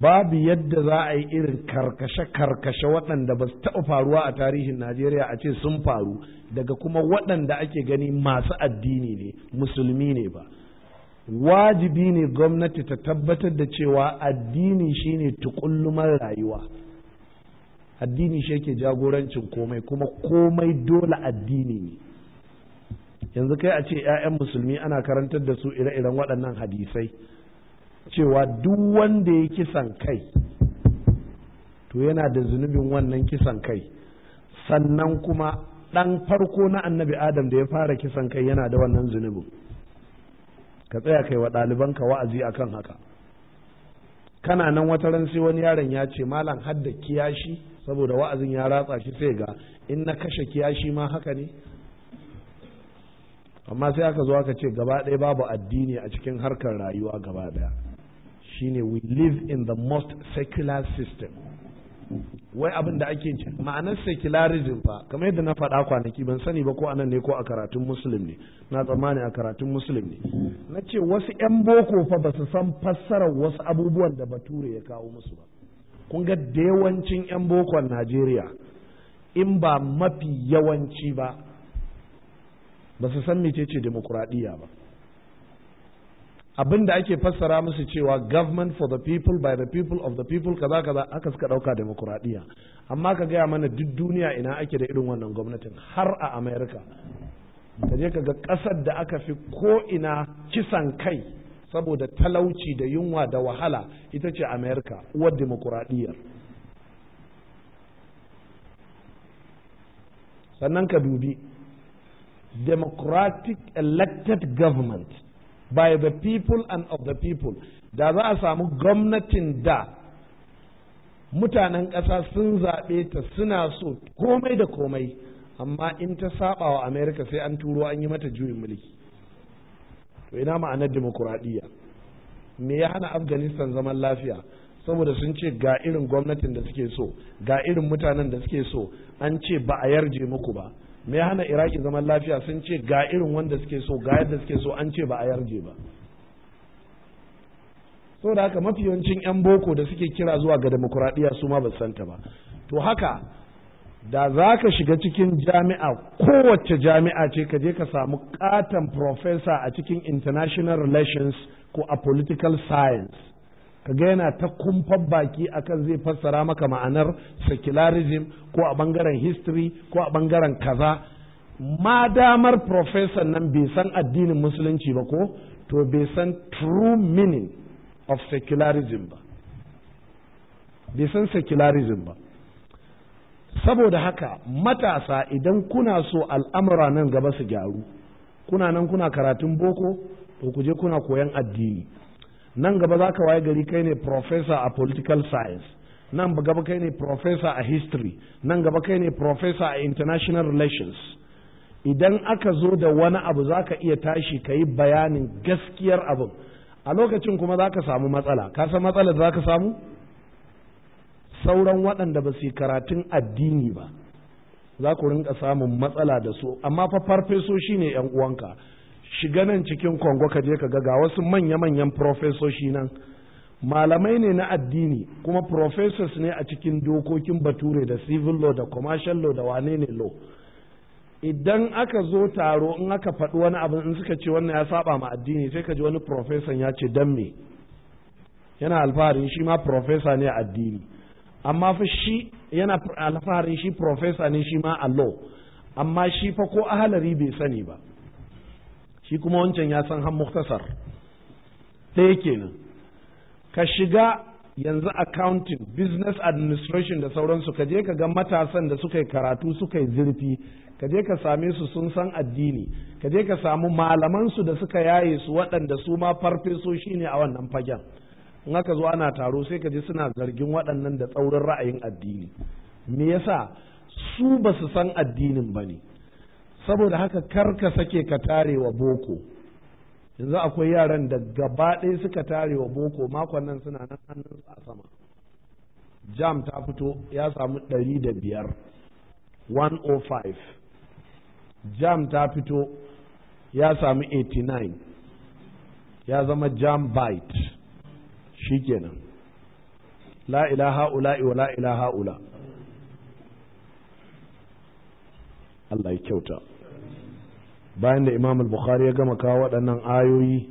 Speaker 1: babu yadda za a yi irin karkashe-karkashe waɗanda ba su taɓa faruwa a tarihin najeriya a ce sun faru daga kuma waɗanda ake gani masu addini ne musulmi ne ba wajibi ne gwamnati ta tabbatar da cewa addini shine tukulluman rayuwa addini shi yake jagorancin komai kuma komai dole addini ne yanzu kai a ce 'ya'yan musulmi ana karantar da su ire-iren waɗannan hadisai cewa duk wanda ya kisan kai to yana da zunubin wannan kisan kai sannan kuma ɗan farko na annabi adam da ya fara kisan kai yana da wannan zunubin ka tsaya kai wa ɗalibanka wa'azi a kan haka kana nan wata ran sai wani yaron ya ce malam hadda kiyashi saboda wa'azin ya ratsa shi sai ga in na kashe kiyashi ma haka ne amma sai aka zo aka ce gaba ɗaya babu addini a cikin harkar rayuwa gaba ɗaya shine we live in the most secular system wai abin da ake ce ma'anar secularism fa kamar yadda na faɗa kwanaki ban sani ba ko anan ne ko a karatun musulmi ne na tsammani a karatun musulmi ne na ce wasu 'yan boko fa ba su san fassarar wasu abubuwan da bature ya kawo musu ba kun ga da yawancin 'yan bokon najeriya in ba mafi yawanci ba ba su san mecece demokuraɗiyya ba abin da ake fassara musu cewa government for the people by the people of the people kaza kaza aka suka dauka demokuraɗiyya amma ka gaya mana duk duniya ina ake da irin wannan gwamnatin har a america ka je ka ga ƙasar da aka fi ko ina kisan kai saboda talauci da yunwa da wahala ita ce america uwar demokuraɗiyyar sannan ka dubi democratic elected government by the people and of the people da za a samu gwamnatin da mutanen ƙasa sun zaɓe ta suna so komai da komai amma in ta saba wa Amerika sai an turo an yi mata juyin mulki to ina ma'anar dimokuraɗiyya me ya hana afghanistan zaman lafiya saboda sun ce ga irin gwamnatin da suke so ga irin mutanen da suke so an ce ba a yarje muku ba me ya hana iraki zaman lafiya sun ce ga irin wanda suke so ga yadda suke so an ce ba a yarje ba da haka mafi yawancin 'yan boko da suke kira zuwa ga demokuraɗiyya su ma ba santa ba to haka da za ka shiga cikin jami'a kowace jami'a ce ka je ka samu katon profesa a cikin international relations ko a political science kaga yana ta kumfan baki akan zai fassara maka ma'anar secularism ko a bangaren history ko a bangaren kaza ma damar professor nan bai san addinin musulunci ba ko to bai san true meaning of secularism ba bai san secularism ba saboda haka matasa idan kuna so al'amura nan gaba su gyaru kuna nan kuna karatun boko to ku je kuna koyan addini nan gaba za ka waye gari kai ne professor a political science nan gaba kai ne professor a history nan gaba kai ne professor a international relations idan aka zo da wani abu za ka iya tashi ka yi bayanin gaskiyar abin a lokacin kuma za ka samu matsala ka san matsalar za ka samu sauran waɗanda ba su yi karatun addini ba za ku rinka samun matsala da su amma fa shi ne yan uwanka shiga nan cikin kongo ka je ka ga ga wasu manya-manyan profesoshi nan malamai ne na addini kuma professors ne a cikin dokokin bature da civil law da commercial law da wane ne law idan aka zo taro in aka faɗi wani abu in suka ce wannan ya saba ma addini sai ka ji wani professor ya ce dan me yana alfaharin shi ma professor ne a addini amma fa shi yana alfaharin shi professor ne shi ma a law amma shi fa ko ahalari bai sani ba shi kuma wancan ya san han muktasar ɗaya kenan ka shiga yanzu accounting business administration da sauransu ka je ka ga matasan da suka yi karatu suka yi zurfi ka je ka same su sun san addini ka je ka samu malamansu da suka yaye su waɗanda su ma farfesoshi ne a wannan fagen in aka zo ana taro sai ka je suna zargin waɗannan da tsaurin ra'ayin addini me yasa su ba su san addinin ba ne saboda haka kar ka sake ka tare wa boko yanzu akwai yaran da gaba ɗaya suka tare wa boko makon nan suna nan hannun a sama jam ta fito ya samu ɗari da biyar 105 jam ta fito ya samu 89 ya zama jam bite shikenan la ilaha ula wa la ilaha ula Allah ya kyauta bayan da imam al-bukhari ya gama kawo waɗannan ayoyi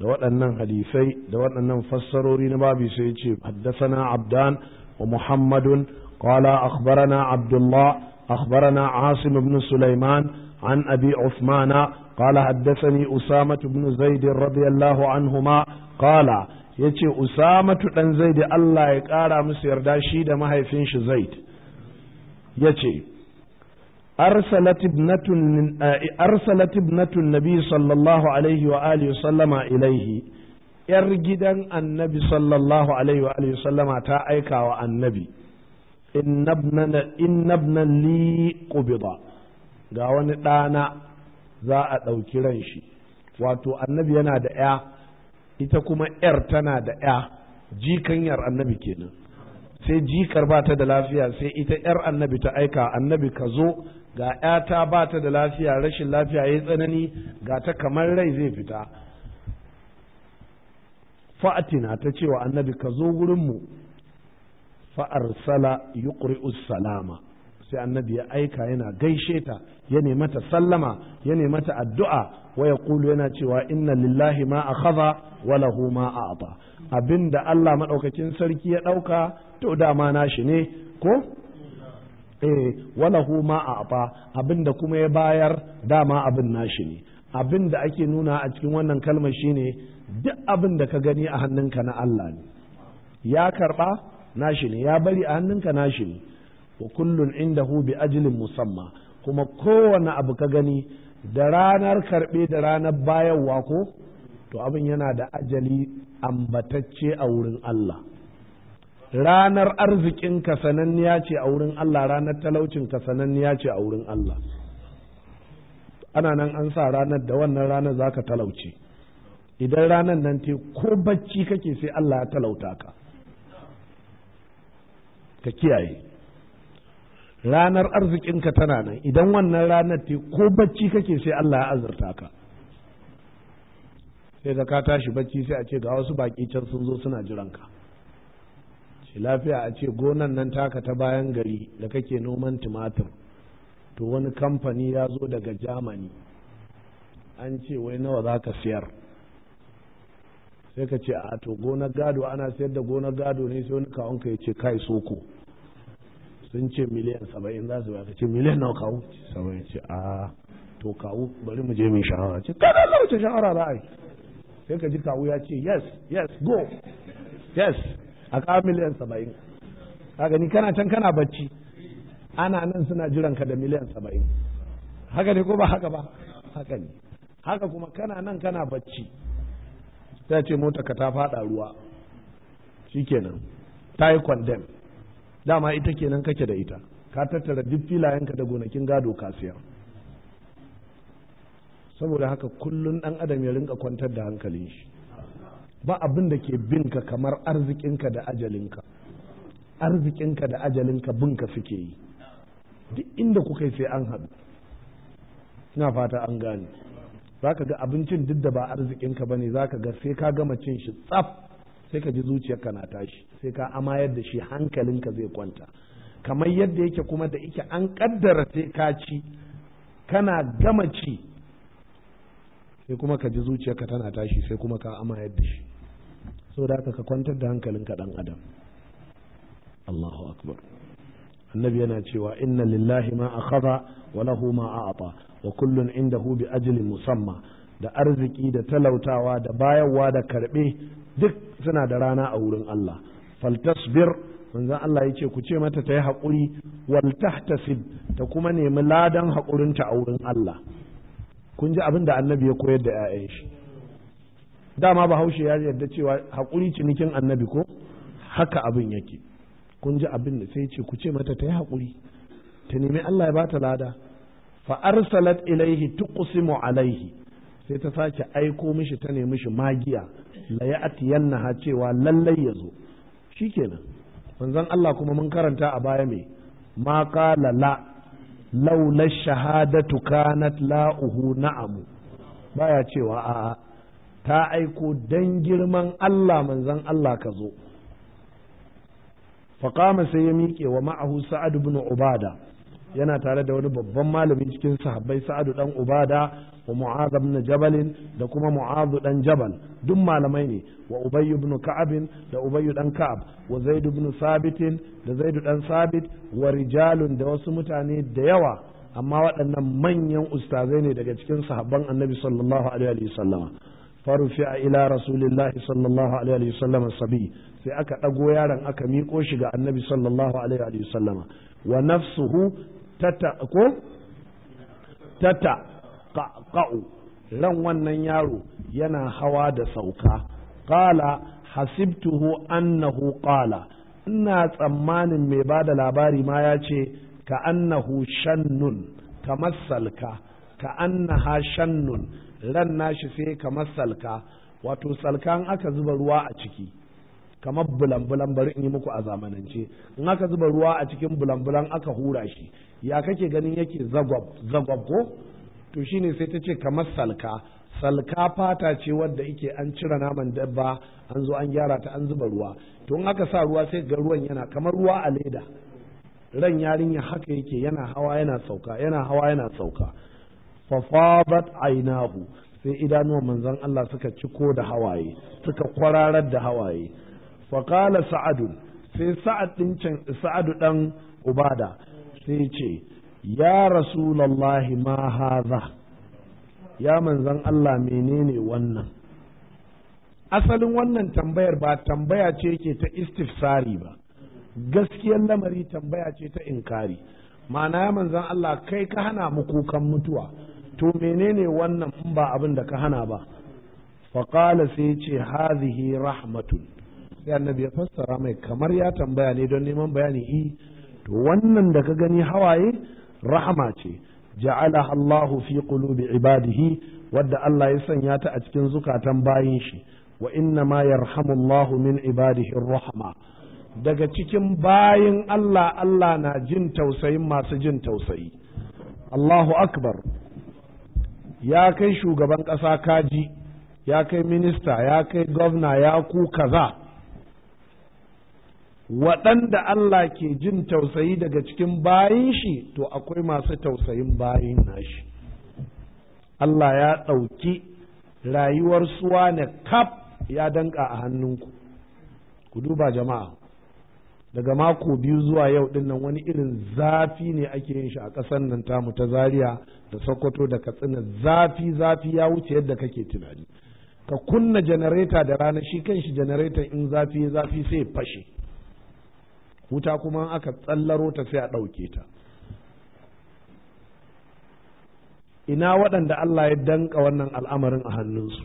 Speaker 1: da waɗannan hadisai da waɗannan fassarori na babu sai ya ce haddasana abdan wa muhammadun qala akhbarana abdullah akhbarana asim ibn sulaiman an abi usmana qala haddathani usama ibn zaid radiyallahu anhuma qala yace usama dan zaid Allah ya kara musu yarda shi da mahaifin shi zaid yace أرسلت ابنة أرسلت ابنة النبي صلى الله عليه وآله وسلم إليه يرجدا النبي صلى الله عليه وآله وسلم تأيك والنبي إن ابنا إن ابنا لي قبضا قاون دانا za a ɗauki ran shi wato annabi yana da ‘ya ita kuma ‘yar tana da ‘ya jikanyar annabi kenan sai jikar bata da lafiya sai ita ‘yar annabi ta aika annabi ka zo ga ‘yata ba ta da lafiya rashin lafiya ya yi tsanani ga ta kamar rai zai fita fa'atina ta cewa annabi ka zo wurinmu fa'arsala yuqri'us salama sai annabi ya aika yana gaishe ta ya nemi ta sallama ya nemi ta addu'a wa ya kulu yana cewa inna lillahi ma khaza wa lahu ma a'ta abinda Allah maɗaukakin sarki ya ɗauka to dama nashi ne ko eh walahu ma a afa abinda kuma ya bayar dama abin nashi ne abin da ake nuna a cikin wannan kalmar shine duk abin da ka gani a hannunka na Allah ne ya karba nashi ne ya bari a hannunka nashi ne wa kullun indahu bi ajlin musamma kuma kowane abu ka gani da ranar karbe da ranar bayarwa ko to abin yana da ajali ambatacce a wurin Allah ranar arzikinka sananniya ce a wurin Allah ranar talaucinka sananniya ce a wurin Allah ana nan an sa ranar da wannan ranar za ka talauci idan ranar nan te ko bacci kake sai Allah ya talauta ka ka kiyaye ranar arzikinka tana nan idan wannan ranar te ko bacci kake sai Allah ya azurta ka sai da ka tashi bacci sai a ce ga wasu baki can sun zo suna jiranka lafiya a ce gonan nan taka ta bayan gari da kake noman tumatir to wani kamfani ya zo daga jamani an ce wai nawa za ka siyar sai ka ce a to gonar gado ana siyar da gonar gado ne sai wani kawon ka ya ce kai soko sun ce miliyan saba'in za su ka ce miliyan nawa kawo saba'in ce a to kawo bari mu je mai
Speaker 2: shahara ce kada
Speaker 1: Allah wace shahara yi, sai ka ji kawo ya ce yes yes go yes a kawo miliyan saba'in kaga ni kana can kana bacci ana nan suna jiran ka da miliyan saba'in haka ne ko ba haka ba haka ne haka kuma kana nan kana bacci ta ce mota ka ta fada ruwa shikenan ta yi kwandem dama ita kenan kake da ita ka tattara duk filayenka da gonakin gado ka siya saboda haka kullum dan adam ya rinka kwantar da hankalin shi ba abin da ke binka kamar arzikinka da ajalinka arzikinka da ajalinka binka suke yi duk inda kuka yi sai an haɗu ina fata an gane za ka ga abincin duk da ba arzikinka ba ne za ka ga sai ka gama cin shi tsaf sai ka ji zuciyarka na tashi sai ka amayar da shi hankalinka zai kwanta kamar yadda yake kuma da ike an kaddara sai ka ci kana gama ci sai kuma ka ji zuciyarka tana tashi sai kuma ka amayar da shi saboda haka ka kwantar da ka dan adam
Speaker 2: Allahu akbar
Speaker 1: annabi yana cewa inna lillahi ma akhadha wa lahu ma a'ta wa kullun indahu bi ajli musamma da arziki da talautawa da bayarwa da karbe duk suna da rana a wurin Allah faltasbir manzon Allah ce ku ce mata ta yi haƙuri wal tahtasib ta kuma nemi ladan haƙurinta a wurin Allah kun ji abin da annabi ya koyar da 'ya'yan shi dama bahaushe ya yarda cewa haƙuri cinikin annabi ko haka abin yake kun ji abin da sai ce ku ce mata ta yi haƙuri ta nemi Allah ya bata lada fa arsalat ilaihi tuqsimu alaihi sai ta sake aiko mishi ta nemi shi magiya la ha cewa lallai yazo shikenan manzon Allah kuma mun karanta a baya me ma qala la laula shahadatu kanat la-uhu na'amu baya cewa a'a ta aiko dan girman Allah manzon Allah ka zo faƙama sai ya miƙe wa ma'ahu sa'ad ibn ubada yana tare da wani babban malami cikin sahabbai sa'adu ɗan ubada wa mu'adh ibn jabal da kuma mu'adh ɗan jabal duk malamai ne wa ubay ibn ka'ab da ubay ɗan ka'ab wa zaid ibn sabit da zaid ɗan sabit wa rijalun da wasu mutane da yawa amma waɗannan manyan ustazai ne daga cikin sahabban annabi sallallahu alaihi wasallama a ila rasulillahi sallallahu alaihi wa sallam sabi sai aka ɗago yaron aka miƙo shi ga annabi sallallahu alaihi wa sallam wa nafsuhu tata ko tata ran wannan yaro yana hawa da sauka Ƙala hasibtuhu annahu ƙala ina tsammanin mai ba da labari ma ya ce ka annahu shannun ka masalka ka annaha shannun ran nashi sai kamar salka wato salka an aka zuba ruwa a ciki kamar bulan-bulan bari in yi muku a zamanance in aka zuba ruwa a cikin bulan-bulan aka hura shi ya kake ganin yake zagwab ko to shi ne sai ta ce kamar salka salka fata ce wadda ike an cire naman dabba an zo an gyara ta an zuba ruwa to in aka sa ruwa sai ga ruwan yana kamar ruwa a leda ran yarinya haka yake yana hawa yana sauka yana hawa yana sauka fafabat ainahu sai idanuwan manzon Allah suka ciko da hawaye suka kwararar da hawaye faƙala Sa'adu sai sa'ad din can sa'adu ɗan ubada sai ce ya rasulullahi ma haza ya manzon Allah menene wannan asalin wannan tambayar ba tambaya ce ke ta istifsari ba gaskiyar lamari tambaya ce ta inkari ma'ana ya manzan Allah kai ka hana mu kukan mutuwa to menene wannan in ba abin da ka hana ba faƙala sai ce hazihi rahmatun sai annabi ya fassara mai kamar ya tambaya ne don neman bayani i eh, to wannan da ka gani hawaye rahama ce ja'ala Allahu fi qulubi ibadihi wadda Allah ya sanya ta a cikin zukatan bayin shi wa inna ma yarhamu Allahu min ibadihi rahama daga cikin bayin Allah Allah na jin tausayin masu jin tausayi Allahu akbar ya kai shugaban ƙasa kaji ya kai minista ya kai gwamna ya ku kaza waɗanda Allah ke jin tausayi daga cikin bayin shi to akwai masu tausayin bayin nashi Allah ya ɗauki rayuwar suwa na kaf ya danƙa a hannunku ku duba jama'a daga mako biyu zuwa yau din wani irin zafi ne ake yin shi a ƙasar nan tamu ta zaria da sokoto da katsina zafi zafi ya wuce yadda kake tunani ka kunna janareta da rana shi kan shi janareta in zafi ya zafi sai fashe wuta kuma aka tsallaro ta sai a ɗauke ta ina waɗanda Allah ya danka wannan al'amarin a hannunsu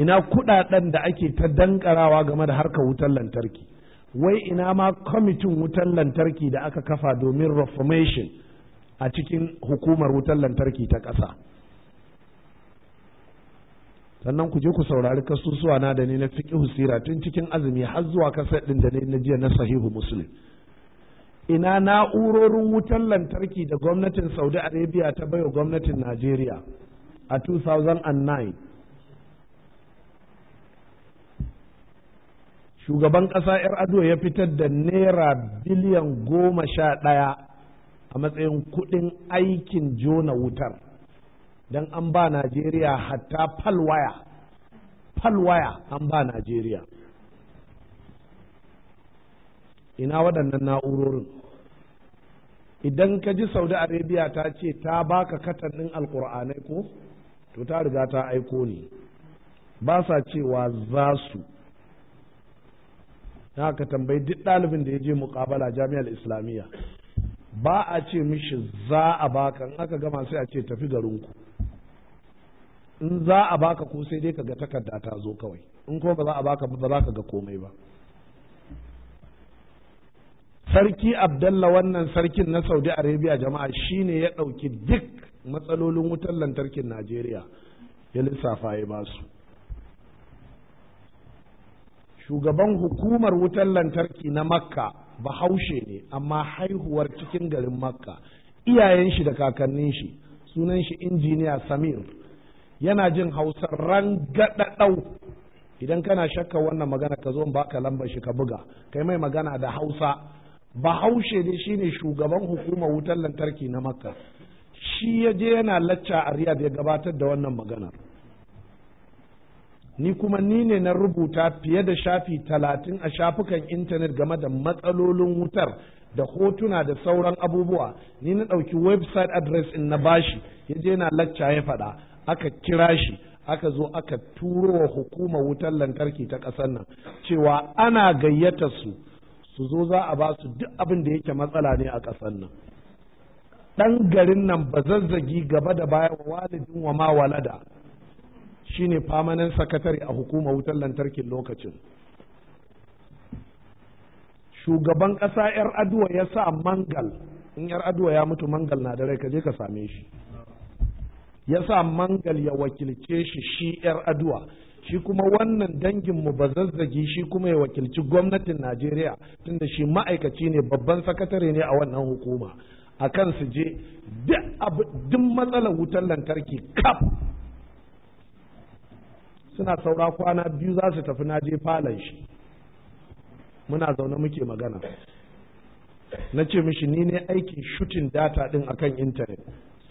Speaker 1: ina kudaden da ake ta dankarawa game da harkar wutar lantarki wai ina ma kwamitin wutar lantarki da aka kafa domin reformation a cikin hukumar wutar lantarki ta ƙasa sannan ku je ku saurari kasusuwa na da ne na fiƙi husira tun cikin azumi har zuwa kasar ɗin da na jiya na sahihu muslim ina na'urorin wutar lantarki da gwamnatin saudi arabia ta baiwa gwamnatin najeriya a 2009 shugaban ƙasa yar ado ya fitar da naira biliyan goma sha ɗaya a matsayin kuɗin aikin jona wutar don an ba najeriya hatta falwaya falwaya an ba najeriya ina waɗannan na'urorin idan ka ji saudi arabia ta ce ta baka katannin alkur'anai ko to ta riga ta aiko ne ba sa cewa za su don haka tambayi duk ɗalibin da ya je muƙabala jami'ar islamiyya ba a ce mishi za a baka in aka gama sai a ce tafi garinku in za a baka ko sai dai ka ga takarda ta zo kawai in ko ba za a baka ba za ka ga komai ba sarki abdallah wannan sarkin na saudi arabia jama'a shine ya ɗauki duk matsalolin wutar lantarkin najeriya ya lissafa ya basu shugaban hukumar wutar lantarki na makka bahaushe ne amma haihuwar cikin garin makka iyayen shi da kakannin shi sunan shi injiniya samir yana jin hausar rangadadau idan kana shakka wannan magana ka zo baka lambar shi ka buga kai mai magana da hausa bahaushe ne shine shugaban hukumar wutar lantarki na makka shi ya je yana lacca a riyad ya gabatar da wannan maganar ni kuma ni ne na rubuta fiye da shafi talatin a shafukan intanet game da matsalolin wutar da hotuna da sauran abubuwa ni na ɗauki website address in na bashi ya je na lacca ya faɗa aka kira shi aka zo aka turo wa hukumar wutar lantarki ta ƙasar nan cewa ana gayyata su su zo za a ba su duk abin da yake matsala ne a ƙasar nan ɗan garin nan ba zazzagi gaba da baya wa walidin wa ma walada shine famanan sakatare a hukuma wutar lantarkin lokacin shugaban ƙasa 'yar aduwa ya sa mangal in 'yar aduwa ya mutu mangal na da rai ka ka same shi ya sa mangal ya wakilce shi shi 'yar aduwa shi kuma wannan danginmu ba zazzagi shi kuma ya wakilci gwamnatin najeriya tunda shi ma'aikaci ne babban sakatare ne a wannan hukuma a kan su je duk matsalar wutar lantarki kaf suna saura kwana biyu za su tafi naje falon shi muna zaune muke magana na ce mishi ni ne aikin shutin data din akan intanet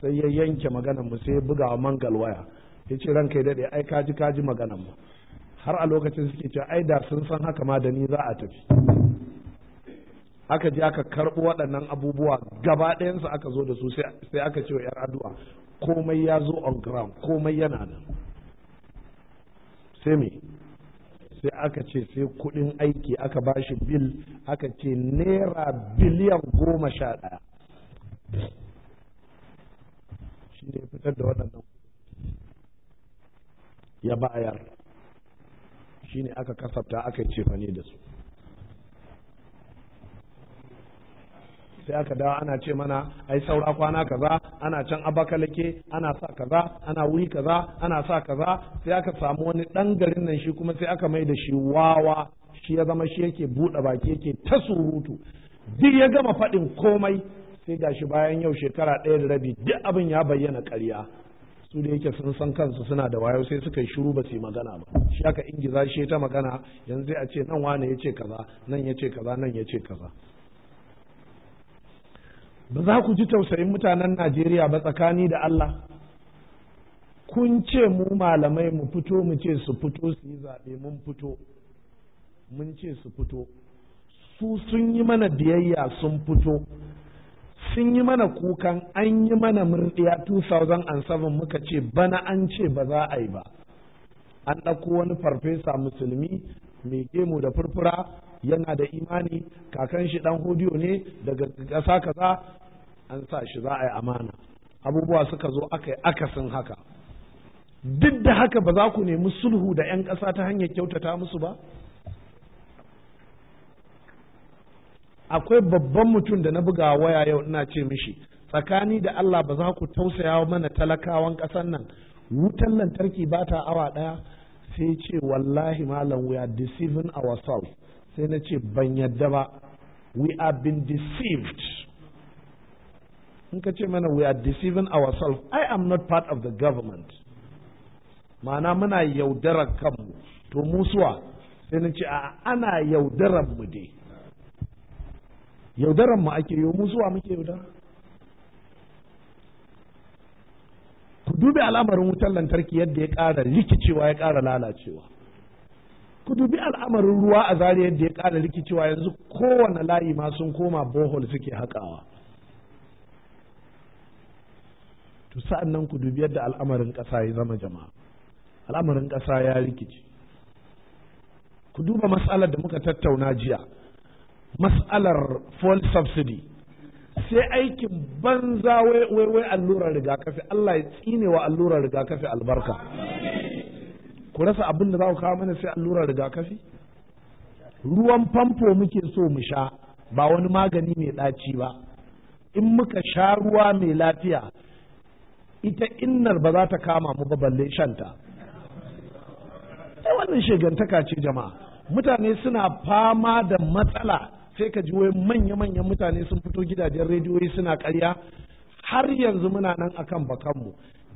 Speaker 1: sai ya yanke maganan mu sai ya buga wa mangal waya ya ce ranka kai daɗe ai kaji kaji maganan mu har a lokacin suke ce ai da sun san haka ma da ni za a tafi aka je aka karɓo waɗannan abubuwa gaba ɗayansu aka zo da su sai aka ce wa 'yar addu'a komai ya zo on ground komai yana nan sai me sai aka ce sai kudin aiki aka bashi bil aka ce naira biliyan goma sha ɗaya shi ne fitar da waɗannan ya bayar shi ne aka kasafta aka ce fane da su sai aka dawo ana ce mana ai saura kwana kaza ana can abakalake ana sa kaza ana wuri kaza ana sa kaza sai aka samu wani dan garin nan shi kuma sai aka mai da shi wawa shi ya zama shi yake buɗe baki yake ta surutu duk ya gama faɗin komai sai gashi bayan yau shekara ɗaya da rabi duk abin ya bayyana ƙarya su da yake sun san kansu suna da wayo sai suka yi shiru ba su yi magana ba shi aka ingiza shi ta magana yanzu a ce nan wane ya ce kaza nan ya ce kaza nan ya ce kaza ba za ku ji tausayin mutanen najeriya ba tsakani da allah kun ce mu malamai mu fito mu ce su fito su yi zaɓe mun fito mun ce su fito su sun yi mana biyayya sun fito sun yi mana kukan an yi mana murɗiya 2007 muka ce bana an ce ba za a yi ba an ɗauko wani farfesa musulmi mai gemu da furfura yana da imani kakan shi dan hudiyo ne daga ƙasa kaza an sa shi za a yi amana abubuwa suka zo aka yi akasin haka duk da haka ba za ku nemi sulhu da 'yan ƙasa ta hanyar kyautata musu ba akwai babban mutum da na buga waya yau ina ce mishi tsakani da Allah ba za ku tausaya mana talakawan ƙasan nan wutan lantarki ba ta awa ɗaya sai ce wallahi malam we are deceiving ourselves sai na ce ban yadda ba we are been deceived in ka ce mana we are deceiving ourselves i am not part of the government ma'ana muna yaudarar kanmu to musuwa sai na ce a ana yaudarar mu dai yaudarar mu ake yau musuwa muke yaudara ku dubi al'amarin wutar lantarki yadda ya ƙara rikicewa ya ƙara lalacewa ku dubi al'amarin ruwa a zari yadda ya ƙara rikicewa yanzu kowane layi ma sun koma bohol suke haƙawa to sa'an nan ku dubi yadda al'amarin ƙasa ya zama jama'a al'amarin ƙasa ya rikice ku duba matsalar da muka tattauna jiya matsalar fuel subsidy sai aikin banza wai wai allurar rigakafi Allah ya tsinewa wa allurar rigakafi albarka ku rasa abin da za ku kawo mana sai allurar rigakafi ruwan famfo muke so mu sha ba wani magani mai ɗaci ba in muka sha ruwa mai lafiya ita innar ba za ta kama mu ba balle shanta ai wannan shegantaka ce jama'a mutane suna fama da matsala sai ka ji wai manya-manyan mutane sun fito gidajen rediyoyi suna ƙarya. har yanzu muna nan akan bakanmu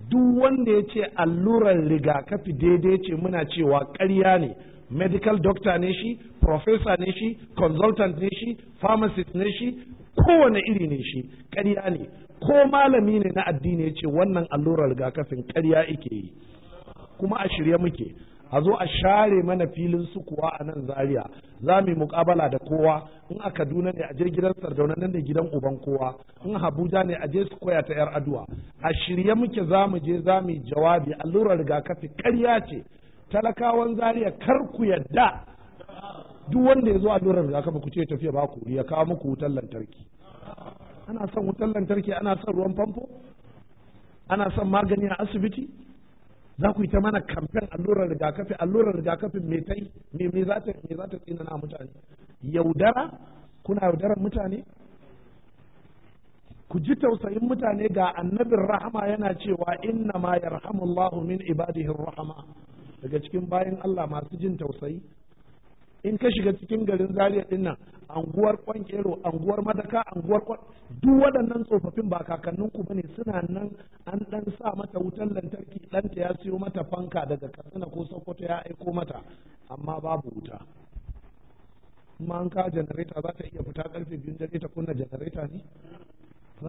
Speaker 1: duk wanda ya ce allurar rigakafi daidai ce muna cewa ƙarya ne medical doctor ne shi professor ne shi consultant ne shi pharmacist ne shi kowane iri ne shi ƙarya ne ko malami ne na addini ya ce wannan allurar rigakafin ƙarya ike yi kuma a shirye muke a zo a share mana filin su kuwa a nan Zariya za mu yi mukabala da kowa in a kaduna ne a je gidan sardauna nan ne gidan uban kowa in Habuja ne a je su koya ta yar aduwa a shirye muke za mu je za mu yi jawabi allurar rigakafi karya ce talakawan zaria kar ku yadda duk wanda ya zo allurar rigakafi ku ce tafiya ba ku ya kawo muku wutar lantarki ana son wutar lantarki ana son ruwan famfo ana son magani a asibiti za ku yi ta mana kamfen allurar rigakafi allurar rigakafi me ta yi me za ta me za ta tsina na mutane yaudara kuna yaudara mutane ku ji tausayin mutane ga annabin rahama yana cewa inna ma yarhamullahu min ibadihi rahama daga cikin bayan Allah masu jin tausayi in ka shiga cikin garin Zariya din nan anguwar kwankero anguwar madaka anguwar kwan duk waɗannan tsofaffin ba kakannin ku bane suna nan an dan sa mata wutan lantarki ɗanta ya siyo mata fanka daga katsina ko sokoto ya aiko mata amma babu wuta kuma an ka janareta za ta iya fita karfe biyun dare ta kunna janareta ne